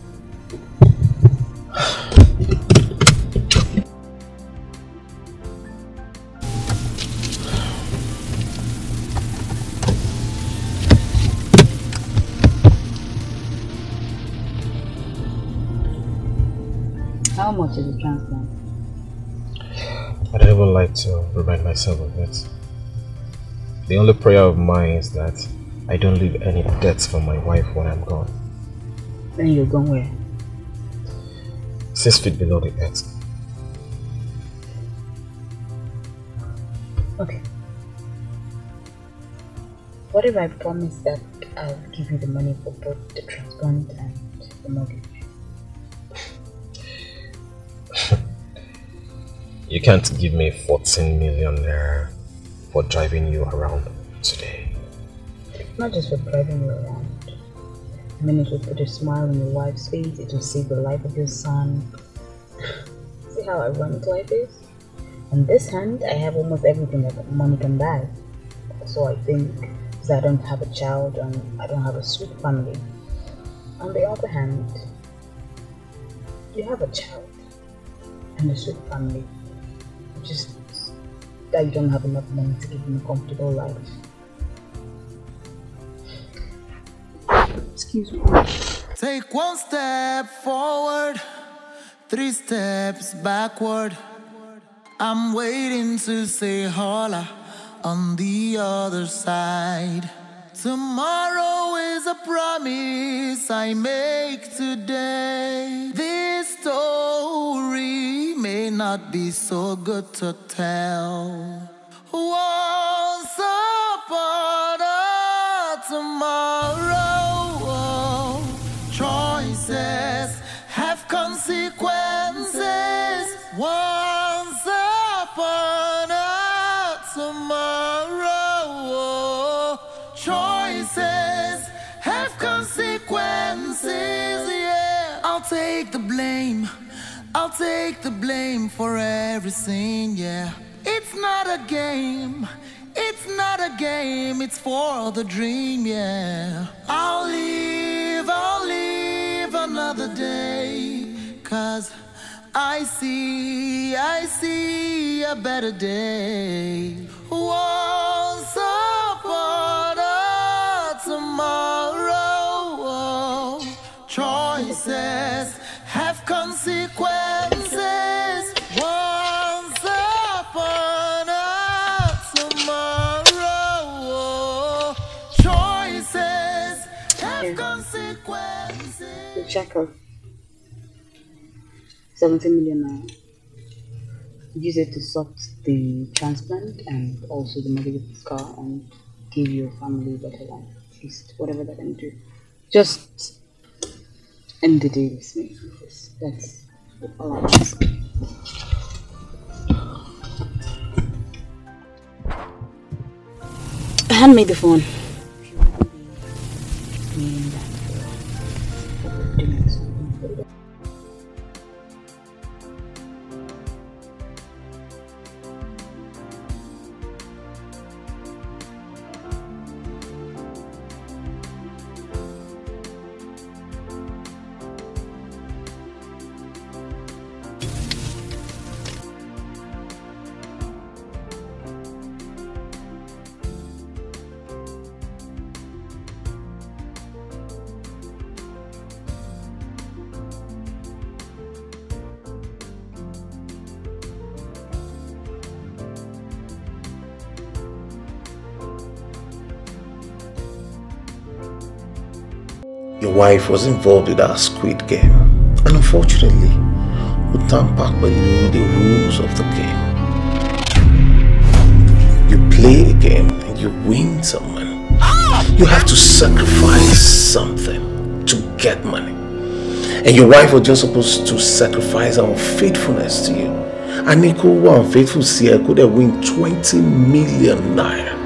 after the transplant. I don't even like to remind myself of it. The only prayer of mine is that I don't leave any debts for my wife when I'm gone. Then you're gone where? Six feet below the earth. Okay. What if I promise that I'll give you the money for both the transplant and the mortgage? You can't give me 14 million there for driving you around today. Not just for driving you around. I mean, it will put a smile on your wife's face, it will save the life of your son. See how ironic life is? On this hand, I have almost everything that money can buy. So I think, because I don't have a child and I don't have a sweet family. On the other hand, you have a child and a sweet family that you don't have enough money to give him a comfortable life. Excuse me. Take one step forward, three steps backward. I'm waiting to say hola on the other side. Tomorrow is a promise I make today. This story may not be so good to tell. Once upon a tomorrow. take the blame. I'll take the blame for everything, yeah. It's not a game. It's not a game. It's for the dream, yeah. I'll leave. I'll leave another day. Cause I see, I see a better day. Once upon a tomorrow, choices. shekel. 17 million naira. Uh, Use it to sort the transplant and also the medical of car and give your family a better life. At least whatever they can do. Just end the day with me. That's all I say. Hand me the phone. wife was involved with that Squid Game. And unfortunately, who tamper knew the rules of the game. You play a game and you win someone. You have to sacrifice something to get money. And your wife was just supposed to sacrifice her faithfulness to you. And Nico were faithful Sia could have won 20 million naira.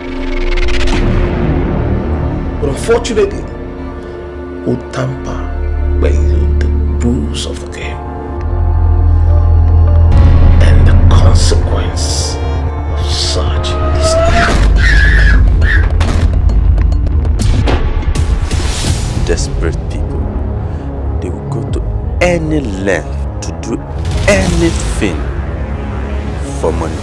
But unfortunately, tamper by the rules of the game, and the consequence of such is desperate people. They will go to any length to do anything for money.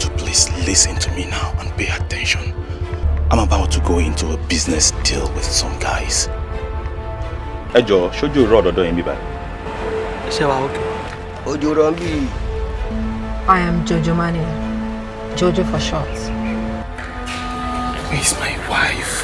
to please listen to me now and pay attention. I'm about to go into a business deal with some guys. Ẹ jọ̀ọ́, ṣojú rọ̀ dọ̀dọ̀ yín bí báyìí. Ṣé wàá òkè? Ojú rọ̀ bí. I am Jojo Mani. Jojo for short. He's my wife.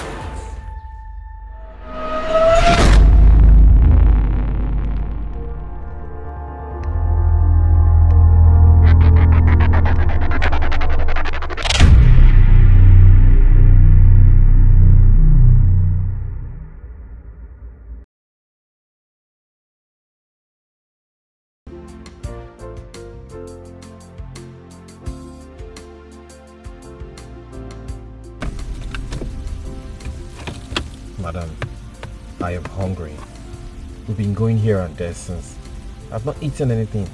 that since. I've not eaten anything.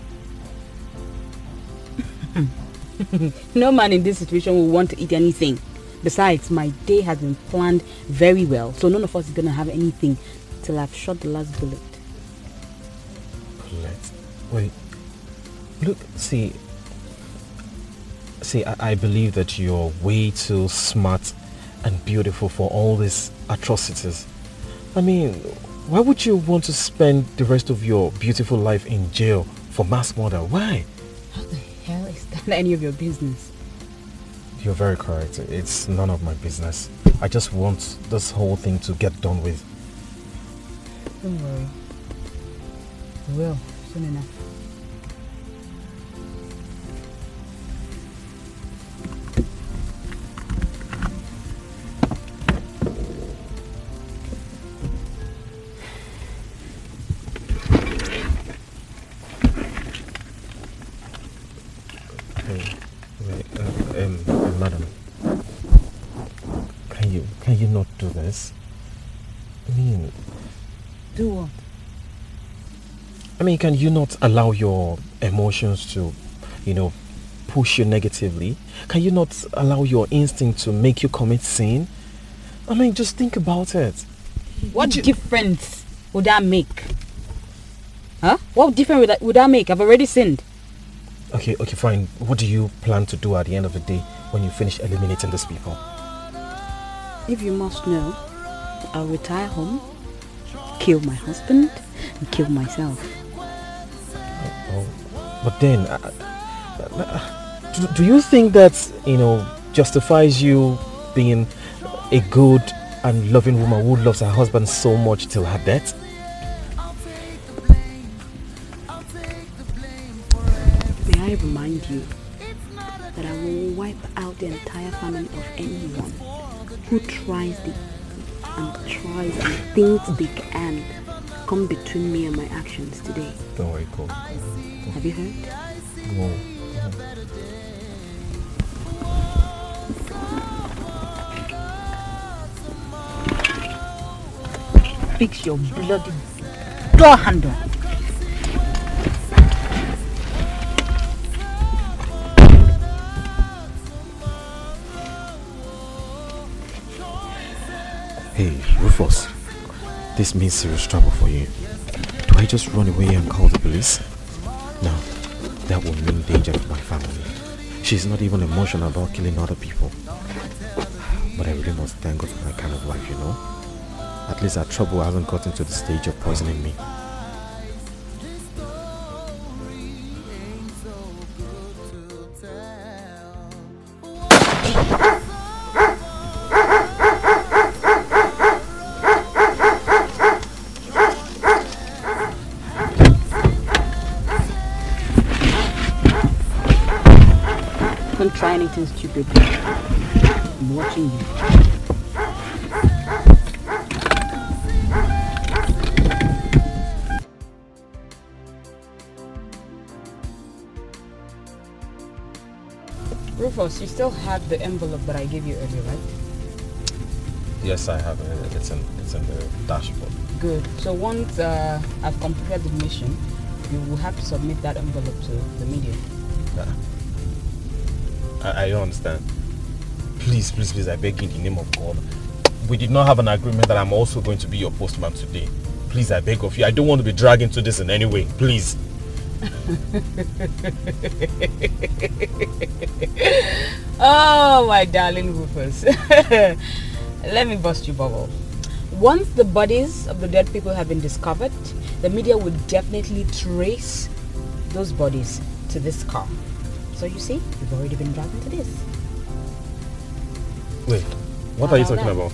no man in this situation will want to eat anything. Besides, my day has been planned very well, so none of us is going to have anything till I've shot the last bullet. Bullet? Wait. Look, see. See, I, I believe that you're way too smart and beautiful for all these atrocities. I mean, why would you want to spend the rest of your beautiful life in jail for mass murder? Why? How the hell is that any of your business? You're very correct. It's none of my business. I just want this whole thing to get done with. Don't worry. We will, soon enough. mean, can you not allow your emotions to, you know, push you negatively? Can you not allow your instinct to make you commit sin? I mean, just think about it. What you... difference would that make? Huh? What difference would that, would that make? I've already sinned. Okay, okay, fine. What do you plan to do at the end of the day when you finish eliminating these people? If you must know, I'll retire home, kill my husband, and kill myself. Oh, but then, uh, uh, do, do you think that, you know, justifies you being a good and loving woman who loves her husband so much till her death? May I remind you that I will wipe out the entire family of anyone who tries the, and tries and thinks big and come between me and my actions today. Don't worry, Paul. Have you heard? No. Fix your bloody door handle. Hey, Rufus. This means serious trouble for you. Do I just run away and call the police? No, that would mean danger for my family. She's not even emotional about killing other people. But I really must thank God for my kind of life, you know? At least our trouble hasn't gotten to the stage of poisoning me. fucking stupid I'm watching you. Rufus, you still have the envelope that I gave you earlier, right? Yes, I have it. It's in, it's in the dashboard. Good. So once uh, I've completed the mission, you will have to submit that envelope to the media. Yeah. I, I don't understand. Please, please, please, I beg you in the name of God. We did not have an agreement that I'm also going to be your postman today. Please, I beg of you. I don't want to be dragged into this in any way. Please. oh, my darling Rufus. Let me bust you bubble. Once the bodies of the dead people have been discovered, the media will definitely trace those bodies to this car. So you see, you've already been dragged into this. Wait, what how are you talking that? about?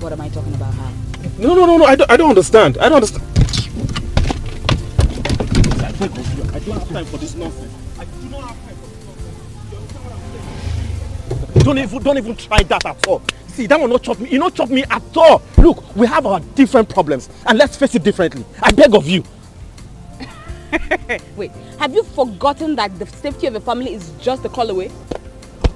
What am I talking about? How? No, no, no, no. I don't, I don't understand. I don't understand. I don't have time for this nonsense. I do not have time for this nonsense. Don't even, don't even try that at all. See, that will not chop me. You not chop me at all. Look, we have our different problems, and let's face it differently. I beg of you. Wait, have you forgotten that the safety of your family is just a call away?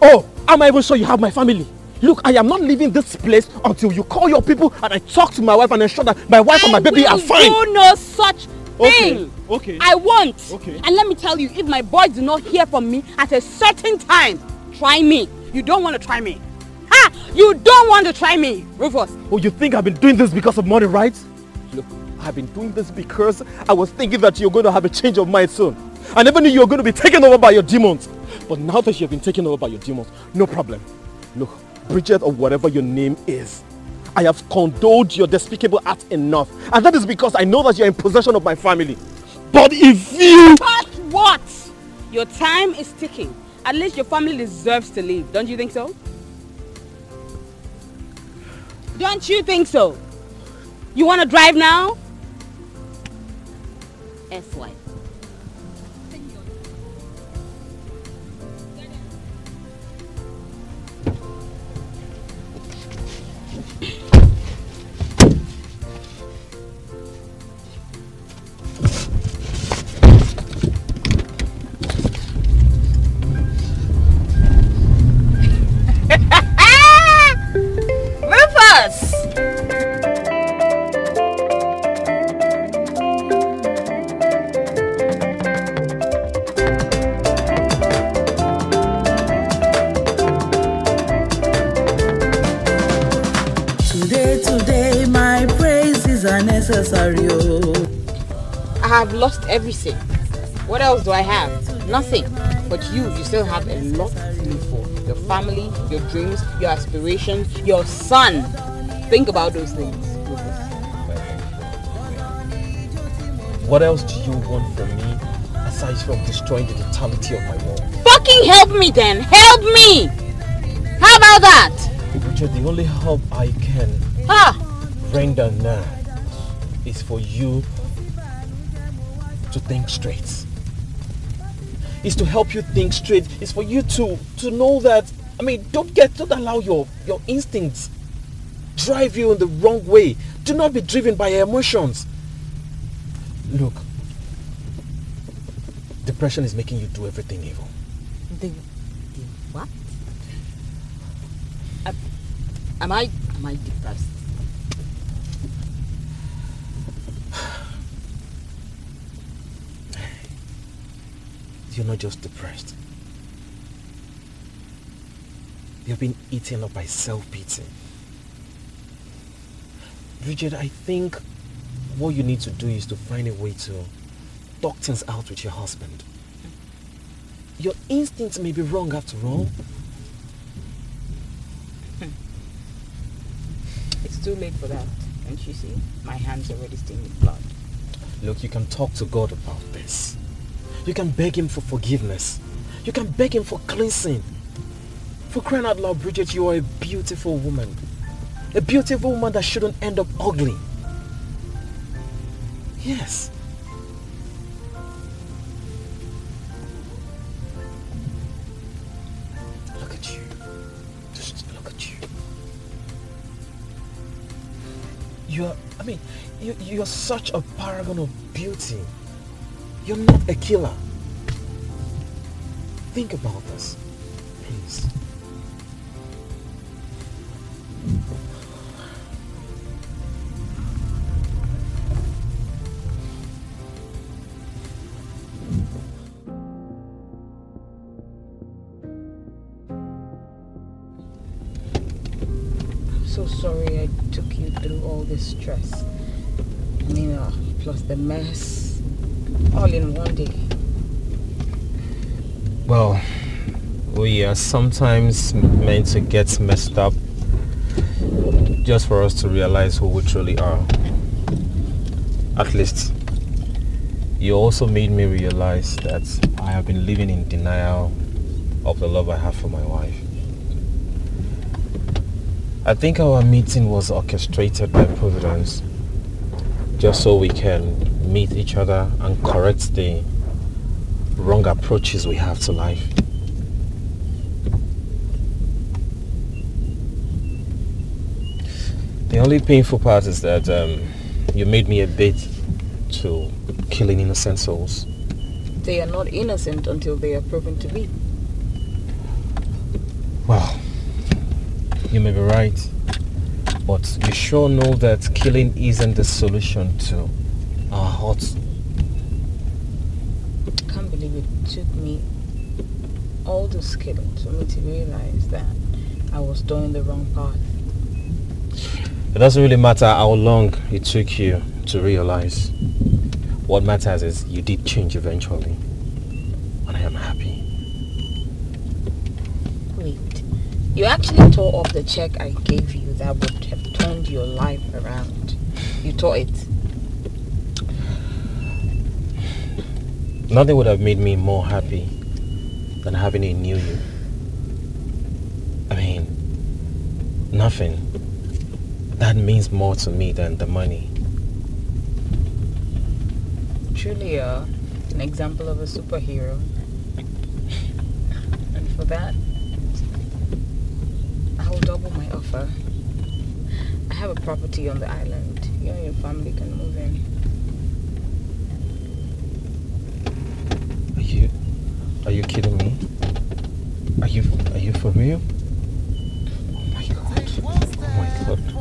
Oh, am I even sure you have my family? Look, I am not leaving this place until you call your people and I talk to my wife and ensure that my wife I and my baby are fine. do no such thing. Okay. okay. I won't. Okay. And let me tell you, if my boys do not hear from me at a certain time, try me. You don't want to try me. Ha! You don't want to try me, Rufus. Oh, you think I've been doing this because of money, right? I've been doing this because I was thinking that you're going to have a change of mind soon. I never knew you were going to be taken over by your demons. But now that you've been taken over by your demons, no problem. Look, Bridget or whatever your name is, I have condoled your despicable act enough. And that is because I know that you're in possession of my family. But if you... But what? Your time is ticking. At least your family deserves to live. Don't you think so? Don't you think so? You want to drive now? FY. Oh. I have lost everything. What else do I have? Nothing. But you, you still have a lot to live for. Your family, your dreams, your aspirations, your son. Think about those things. What else do you want from me aside from destroying the totality of my world? Fucking help me then! Help me! How about that? Which is the only help I can ah. render now is for you to think straight. Is to help you think straight. Is for you to to know that I mean don't get don't allow your your instincts drive you in the wrong way. Do not be driven by your emotions. Look, depression is making you do everything evil. The, the what? am I am I depressed? you're not just depressed. You've been eaten up by self-pity. Bridget, I think what you need to do is to find a way to talk things out with your husband. Your instincts may be wrong after all. It's too late for that. Don't you see? My hand's are already stained with blood. Look, you can talk to God about this. You can beg him for forgiveness. You can beg him for cleansing. For crying out loud, Bridget, you are a beautiful woman. A beautiful woman that shouldn't end up ugly. Yes. Look at you. Just look at you. You're, I mean, you, you're such a paragon of beauty. You're not a killer. Think about this, please. sorry I took you through all this stress. I mean, plus the mess. are sometimes meant to get messed up just for us to realize who we truly are. At least, you also made me realize that I have been living in denial of the love I have for my wife. I think our meeting was orchestrated by Providence just so we can meet each other and correct the wrong approaches we have to life. The only painful part is that um, you made me a bait to killing innocent souls. They are not innocent until they are proven to be. Well, you may be right, but you sure know that killing isn't the solution to our hearts. I can't believe it took me all this killing for me to realize that I was doing the wrong part. It doesn't really matter how long it took you to realize. What matters is you did change eventually. And I am happy. Wait. You actually tore off the check I gave you that would have turned your life around. You tore it. Nothing would have made me more happy than having a new you. I mean, nothing that means more to me than the money. Truly uh, an example of a superhero. and for that, I will double my offer. I have a property on the island. You and your family can move in. Are you are you kidding me? Are you are you for real? Oh my god. Oh my god.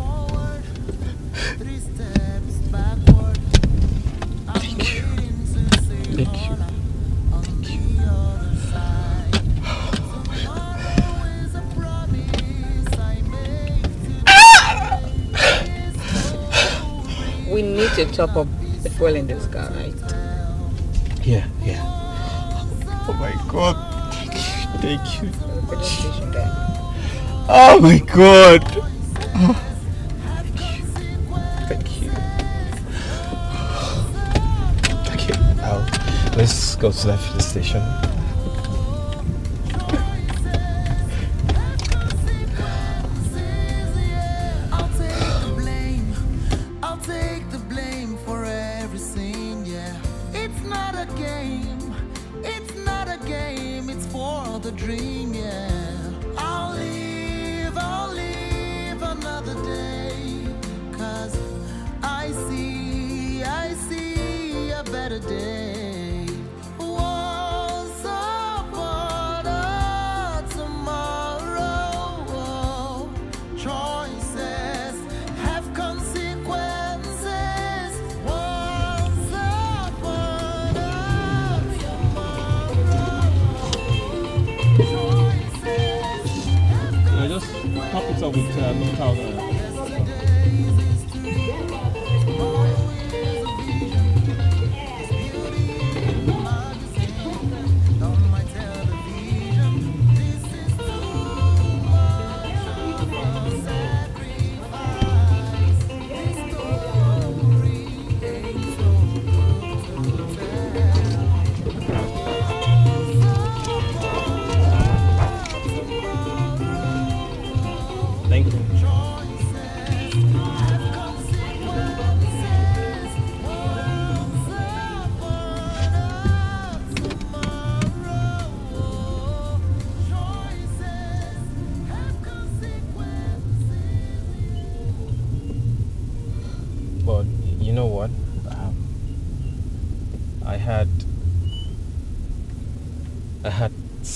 to top up the fuel in this car, right? Yeah, yeah. Oh my god. Thank you. Thank you. Oh my god. you, Thank you. Thank you. let's go to the station.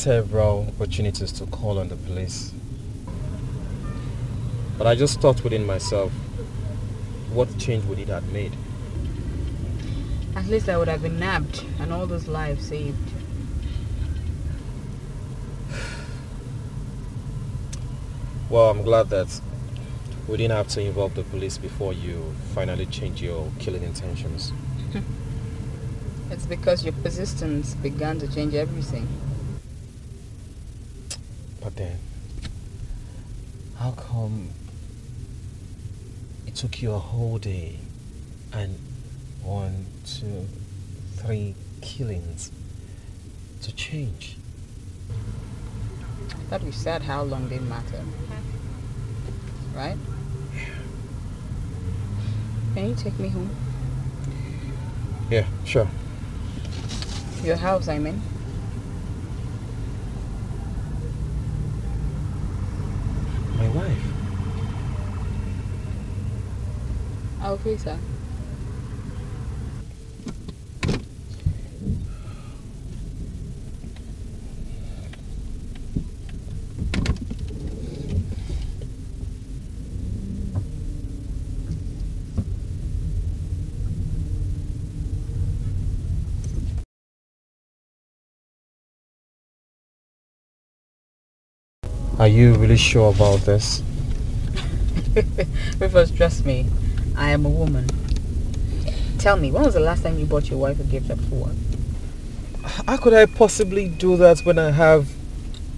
several opportunities to call on the police. But I just thought within myself, what change would it have made? At least I would have been nabbed and all those lives saved. Well, I'm glad that we didn't have to involve the police before you finally changed your killing intentions. it's because your persistence began to change everything then? How come it took you a whole day and one, two, three killings to change? I thought we said how long they matter. Right? Can you take me home? Yeah, sure. Your house, I mean. my I'll sir. Are you really sure about this? Rivers, trust me. I am a woman. Tell me, when was the last time you bought your wife a gift at work? How could I possibly do that when I have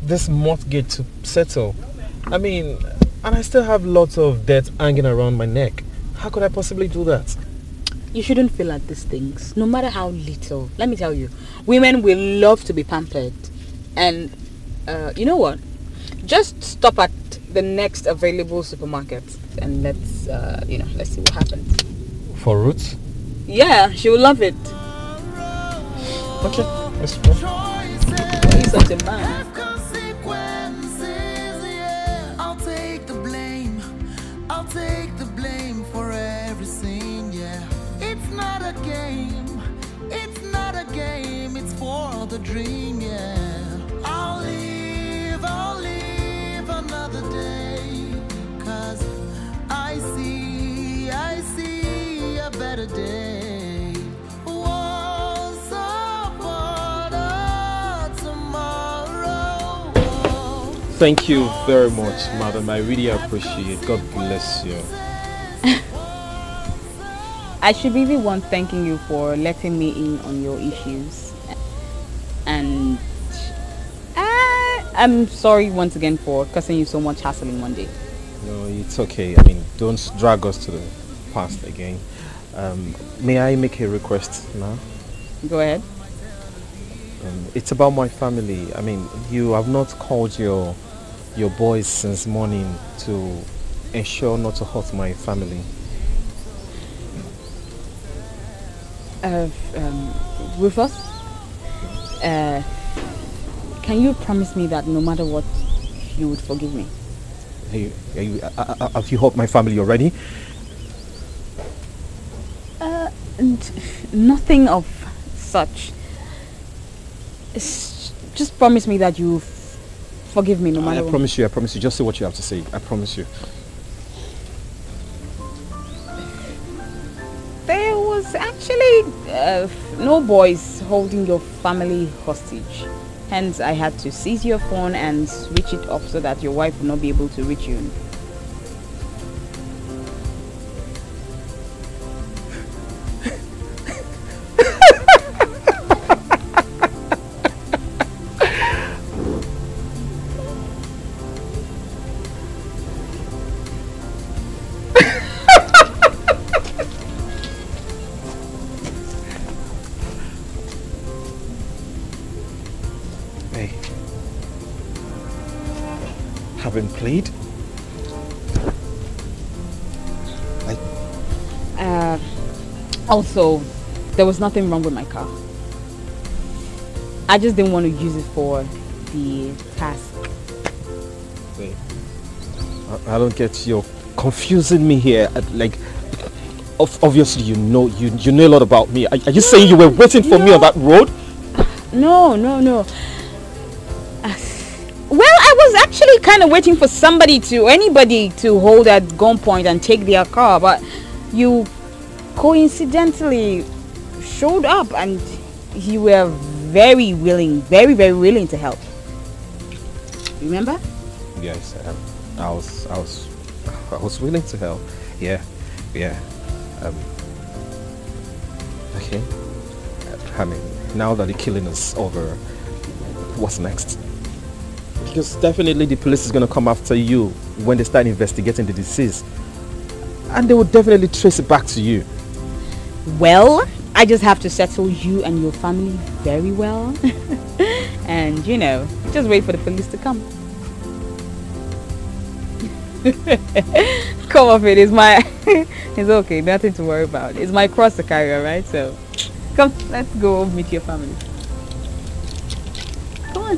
this mortgage to settle? I mean, and I still have lots of debt hanging around my neck. How could I possibly do that? You shouldn't feel at these things, no matter how little. Let me tell you, women will love to be pampered. And uh, you know what? just stop at the next available supermarket and let's uh, you know let's see what happens. For roots? Yeah, she will love it. Okay, let's go. He's such a man. Thank you very much, madam. I really appreciate it. God bless you. I should be the one thanking you for letting me in on your issues. And I, eh, I'm sorry once again for causing you so much hassle in one day. No, it's okay. I mean, don't drag us to the past again. Um, may I make a request now? Go ahead. Um, it's about my family. I mean, you have not called your your boys since morning to ensure not to hurt my family. Uh, um, Rufus, uh, can you promise me that no matter what, you would forgive me? Hey, you, uh, uh, have you hurt my family already? Uh, nothing of such. It's just promise me that you Forgive me, no matter I, I promise you, I promise you. Just say what you have to say. I promise you. There was actually uh, no boys holding your family hostage. Hence, I had to seize your phone and switch it off so that your wife would not be able to reach you. played? I... Uh, also, there was nothing wrong with my car. I just didn't want to use it for the task. Wait. I, I don't get you confusing me here. Uh, like, obviously you know you you know a lot about me. Are, are you saying you were waiting for no. me on that road? No, no, no really kind of waiting for somebody to anybody to hold at gunpoint and take their car, but you coincidentally showed up and you were very willing, very very willing to help. Remember? Yes, um, I was, I was, I was willing to help. Yeah, yeah. Um, okay. I mean, now that the killing is over, what's next? because definitely the police is going to come after you when they start investigating the disease. And they will definitely trace it back to you. Well, I just have to settle you and your family very well. and, you know, just wait for the police to come. come off it. It's my... it's okay. Nothing to worry about. It's my cross to carry, alright? So, come, let's go meet your family. Come on.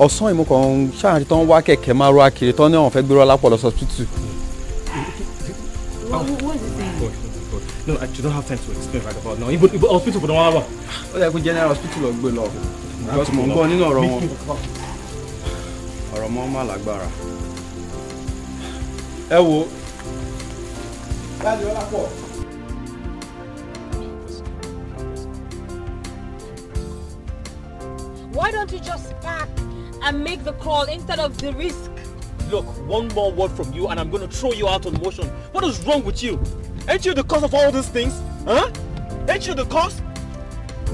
ọ̀sán ìmú kan ṣáàrin tó ń wá kẹ̀kẹ́ máa rọ akiri tó ní àwọn fẹ́ gbéra lápò lọ́sọ̀ tútù. No, I do not have time to explain right about now. Ibo Ibo hospital for the one hour. Ó yẹ kó general hospital lọ gbé lọ. Because mo ń gbọ́ nínú ọ̀rọ̀ wọn. Ọ̀rọ̀ mọ́ má lágbára. Ẹ wo. Láti ọlá pọ̀. Why don't you just and make the call instead of the risk. Look, one more word from you and I'm going to throw you out on motion. What is wrong with you? Ain't you the cause of all these things? Huh? Ain't you the cause?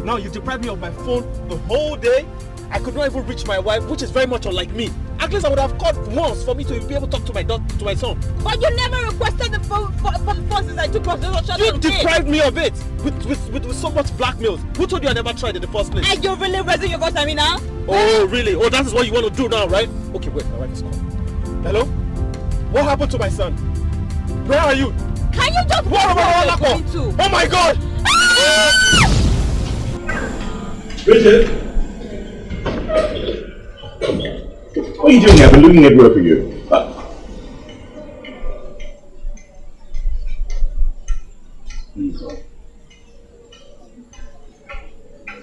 Now you deprived me of my phone the whole day. I could not even reach my wife, which is very much unlike me. at least I would have called once for me to be able to talk to my daughter, to my son. But you never requested the phone for, for the phone since I took prostitution. You deprived me of it with, with, with, with so much blackmail. Who told you I never tried in the first place? Are you really raising your voice at me now? Oh, really? Oh, that is what you want to do now, right? Okay, wait, my wife is calling. Hello? What happened to my son? Where are you? Can you just What about all Olako? Oh my god! Ah! Richard! What are you doing, been Doing network for you. Uh,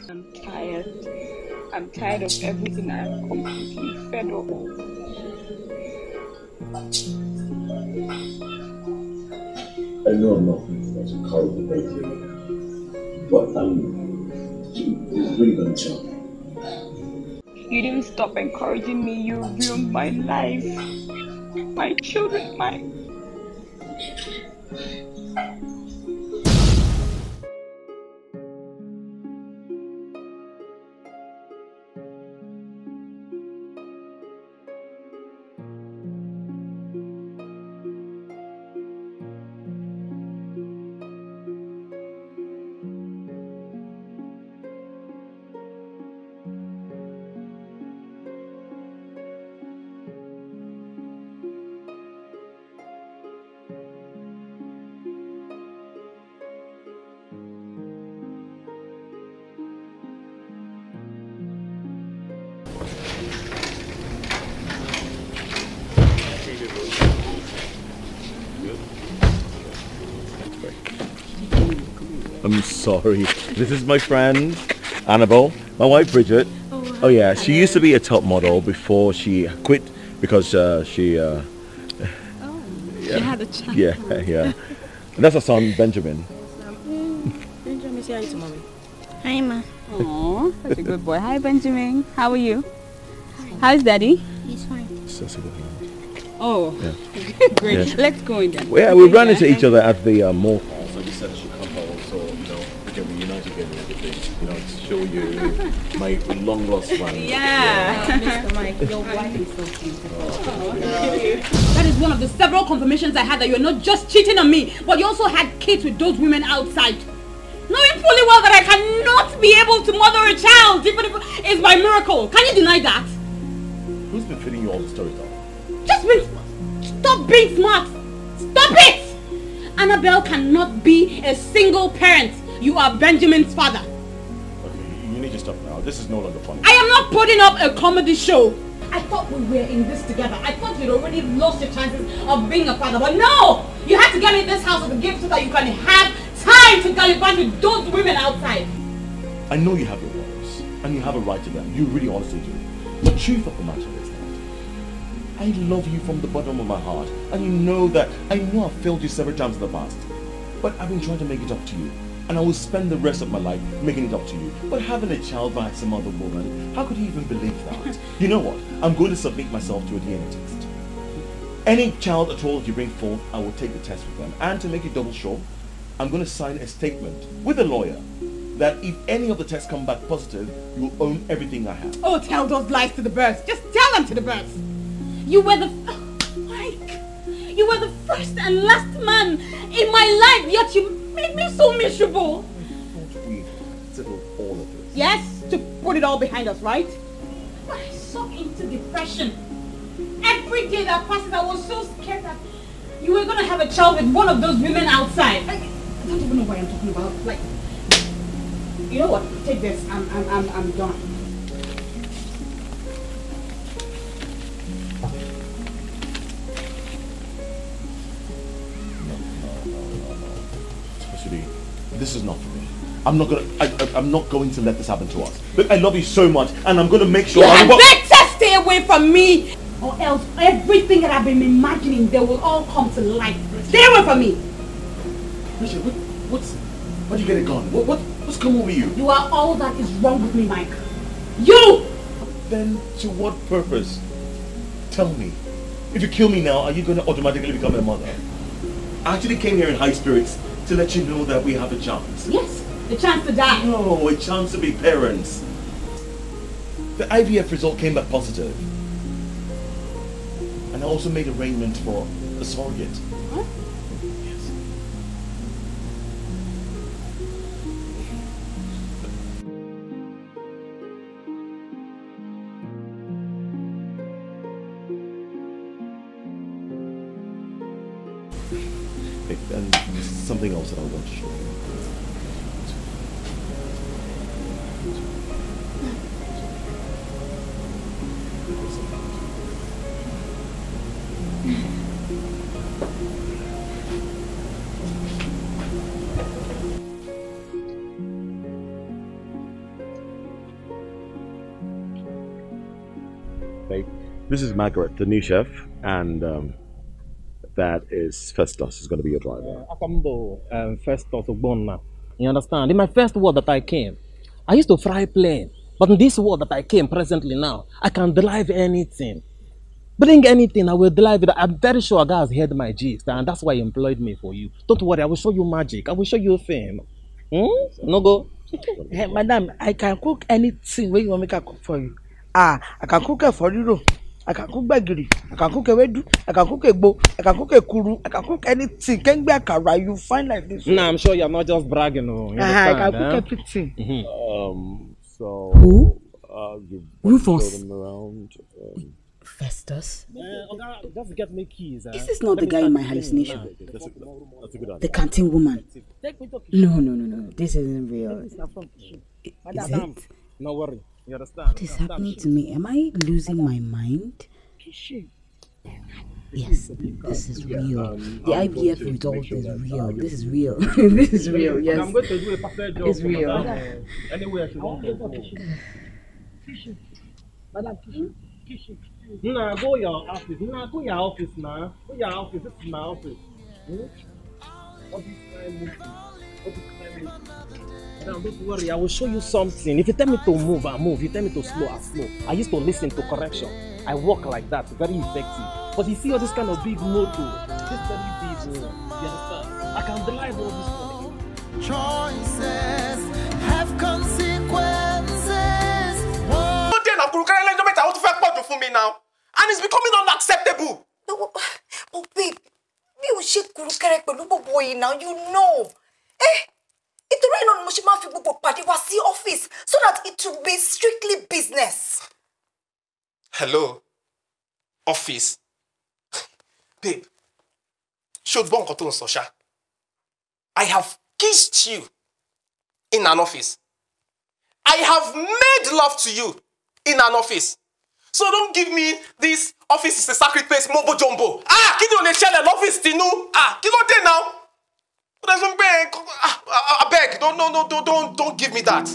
I'm tired. I'm tired of everything. I'm completely fed up. I know I'm not going to call the bakery, but I'm. Um, really going to you didn't stop encouraging me. You ruined my life, my children, my. sorry. This is my friend, Annabelle. My wife, Bridget. Oh, oh yeah, she used to be a top model before she quit because uh, she... Uh, oh, yeah. she had a child. Yeah, yeah. And that's her son, Benjamin. Mm, Benjamin, say hi to mommy. Hi, ma. Aww, such a good boy. Hi, Benjamin. How are you? Hi. How's daddy? He's fine. Oh, yeah. great. Yeah. Let's go in there. Yeah, we okay, ran yeah. into each other at the uh, mall my long lost one. Yeah. yeah. wife That is one of the several confirmations I had that you're not just cheating on me, but you also had kids with those women outside. Knowing fully well that I cannot be able to mother a child, even if it's by miracle. Can you deny that? Who's been feeding you all the stories though? Just be smart. Stop being smart. Stop it! Annabelle cannot be a single parent. You are Benjamin's father stop now. This is no longer funny. I am not putting up a comedy show. I thought we were in this together. I thought you'd already lost your chances of being a father. But no! You had to get in this house as a gift so that you can have time to gallivant with those women outside. I know you have your rights. And you have a right to them. You really honestly do. The truth of the matter is that I love you from the bottom of my heart. And you know that. I know I've failed you several times in the past. But I've been trying to make it up to you and I will spend the rest of my life making it up to you. But having a child by some other woman, how could he even believe that? you know what? I'm going to submit myself to a DNA test. Any child at all that you bring forth, I will take the test with them. And to make it double sure, I'm going to sign a statement with a lawyer that if any of the tests come back positive, you will own everything I have. Oh, tell those lies to the birds. Just tell them to the birds. You were the... Oh, Mike, you were the first and last man in my life, yet you made me so miserable. we settle all of this? Yes, to put it all behind us, right? But I sunk into depression. Every day that passes, I was so scared that you were going to have a child with one of those women outside. I, I don't even know what I'm talking about. Like, you know what? Take this. I'm, I'm, I'm, I'm done. this is not for me. I'm not gonna. I, am not going to let this happen to us. Look, I love you so much, and I'm gonna make sure. You had better stay away from me, or else everything that I've been imagining, they will all come to life. Stay away from me. Richard, what, what's? Where do you get it gone? What, what, what's come over you? You are all that is wrong with me, Mike. You. Then to what purpose? Tell me. If you kill me now, are you gonna automatically become a mother? I actually came here in high spirits to let you know that we have a chance. Yes, a chance to die. No, oh, a chance to be parents. The IVF result came back positive. And I also made arrangements for a surrogate. something else that I want to show you. This is Margaret, the new chef, and um, that is Festus is going to be your driver? Uh, Akambo, um, Festus Obonna. You understand? In my first world that I came, I used to fry plane. But in this world that I came presently now, I can drive anything. Bring anything, I will drive it. I'm very sure God has heard my gist, and that's why he employed me for you. Don't worry, I will show you magic. I will show you fame. Hmm? No go. hey, eh, madam, I can cook anything where you want me to cook for you. Ah, I can cook it for you. àkàkù gbẹ̀gìrì àkàkù kẹwédú àkàkù kẹgbó àkàkù kẹkuru àkàkù anything kẹngbẹ àkàrà you find like this. na i'm sure you are not just bragging o. àkàkù kẹpìtì. so. who. Uh, Rufus. Um, Festus. Uh, is this not the guy in my hallucination? Eh? the canteen woman. No, no, no, no. This isn't real. Is it? No worry. You understand? What is happening to me? Am I losing my mind? Yes, this is real. Um, the IVF result is real. Um, this is real. this is real. Yes. I'm going to do a perfect job. It's real. Madame, uh, anyway, I want to go kitchen. Madam, go your office. Nah, go your office man. Nah. Go your office. This is my office. Hmm? Office don't worry, I will show you something. If you tell me to move, I move. If you tell me to slow, I slow. I used to listen to correction. I walk like that, very effective. But you see all this kind of big motor, this very big, you understand? I can drive all this for you. Choices have consequences. Ó dé náà kúrúkẹ́rẹ́ lẹ́jọ́ mẹ́ta, ó tún fẹ́ pọ̀ jù now. And it's becoming unacceptable. No, oh babe, mi ò ṣe kúrúkẹ́rẹ́ pẹ̀lú gbogbo yìí now, you know. Eh? nítorí iná ni mo ṣe máa ń fi gbogbo pàdé wá sí ọ́fíìsì so that it will be strictly business. hello office babe ṣé o gbọ́ nǹkan tó ń sọ ṣá i have kissed you in an office i have made love to you in an office so don't give me this office is a sacred place mumbo jumbo ah kí ni o lè ṣẹlẹ̀ lọ́fíìsì tinú ah kí ló dé now. But that's what i I, beg, don't, no, no, don't, don't, don't give me that.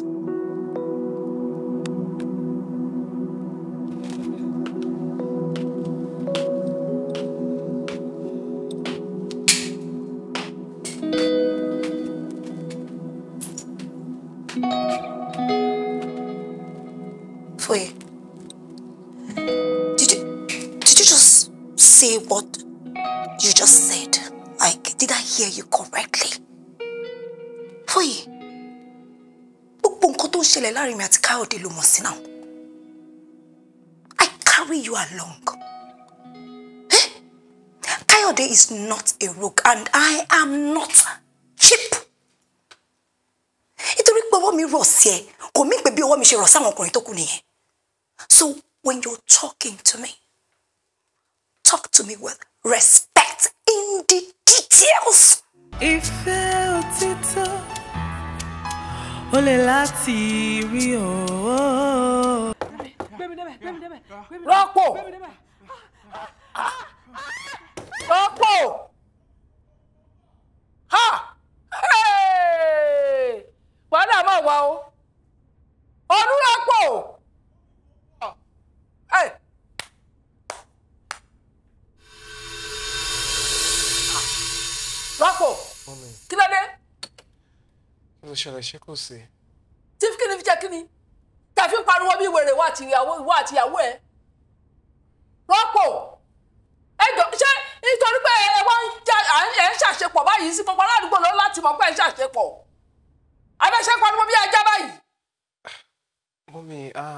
did you, did you just say what you just said? Like, did I hear you ṣẹlẹ̀ láàrin mi àti káyọ̀dé ló mọ̀ sí náà I carry you along eh? káyọ̀dé is not a rogue and I am not cheap nítorí pé ọwọ́ mi rọ̀ sí ẹ kò mí pé bí ọwọ́ mi ṣe rọ̀ sáwọn ọkùnrin tó kù nìyẹn so when you're talking to me talk to me with respect in the details. ìfẹ́ òtítọ́ ó lè láti rí o. rọ́pò rọ́pò ha wàhálà máa wà o olùrọ́pò rọ́pò kí ló dé kí ló ṣẹlẹ̀ ṣé kò sí. tí kí ni fi jẹ́ kí ni tàfi ń pariwo bí wèrè wà àti ìyàwó ẹ̀ rọ́pò ẹjọ ṣé nítorí pé ẹ wá ẹ ń ṣàṣepọ̀ báyìí sí gbogbo aládùúgbò lọ láti mọ̀ pé ẹ ń ṣàṣepọ̀ abẹ́ṣẹ́ pariwo bí ajá báyìí. mọ́mí a.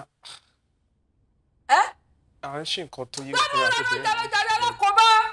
ẹ. à ń ṣe nǹkan tó yẹ kó a tó bẹ̀rẹ̀. lọ́dọ̀ ọ̀rọ̀ mi jàre jàre ọlọ́kọ̀ọ́ bá.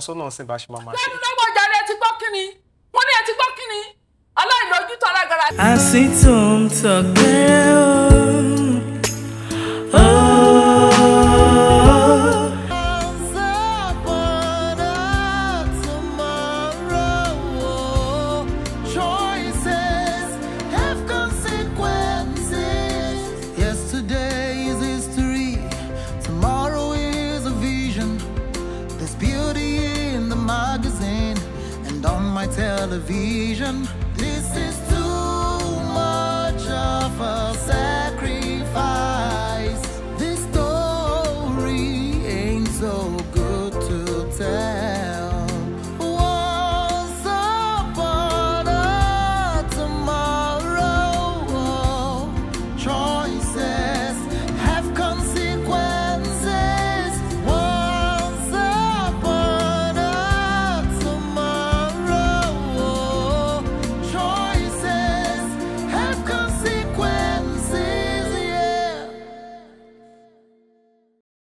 máa sọ náà sìn bá ṣe máa máa ṣe. lẹ́nu lọ́wọ́ jàre ẹ ti gbọ́ kí wọ́n ní ẹ ti gbọ́ kí ni alágara. àṣìtò ń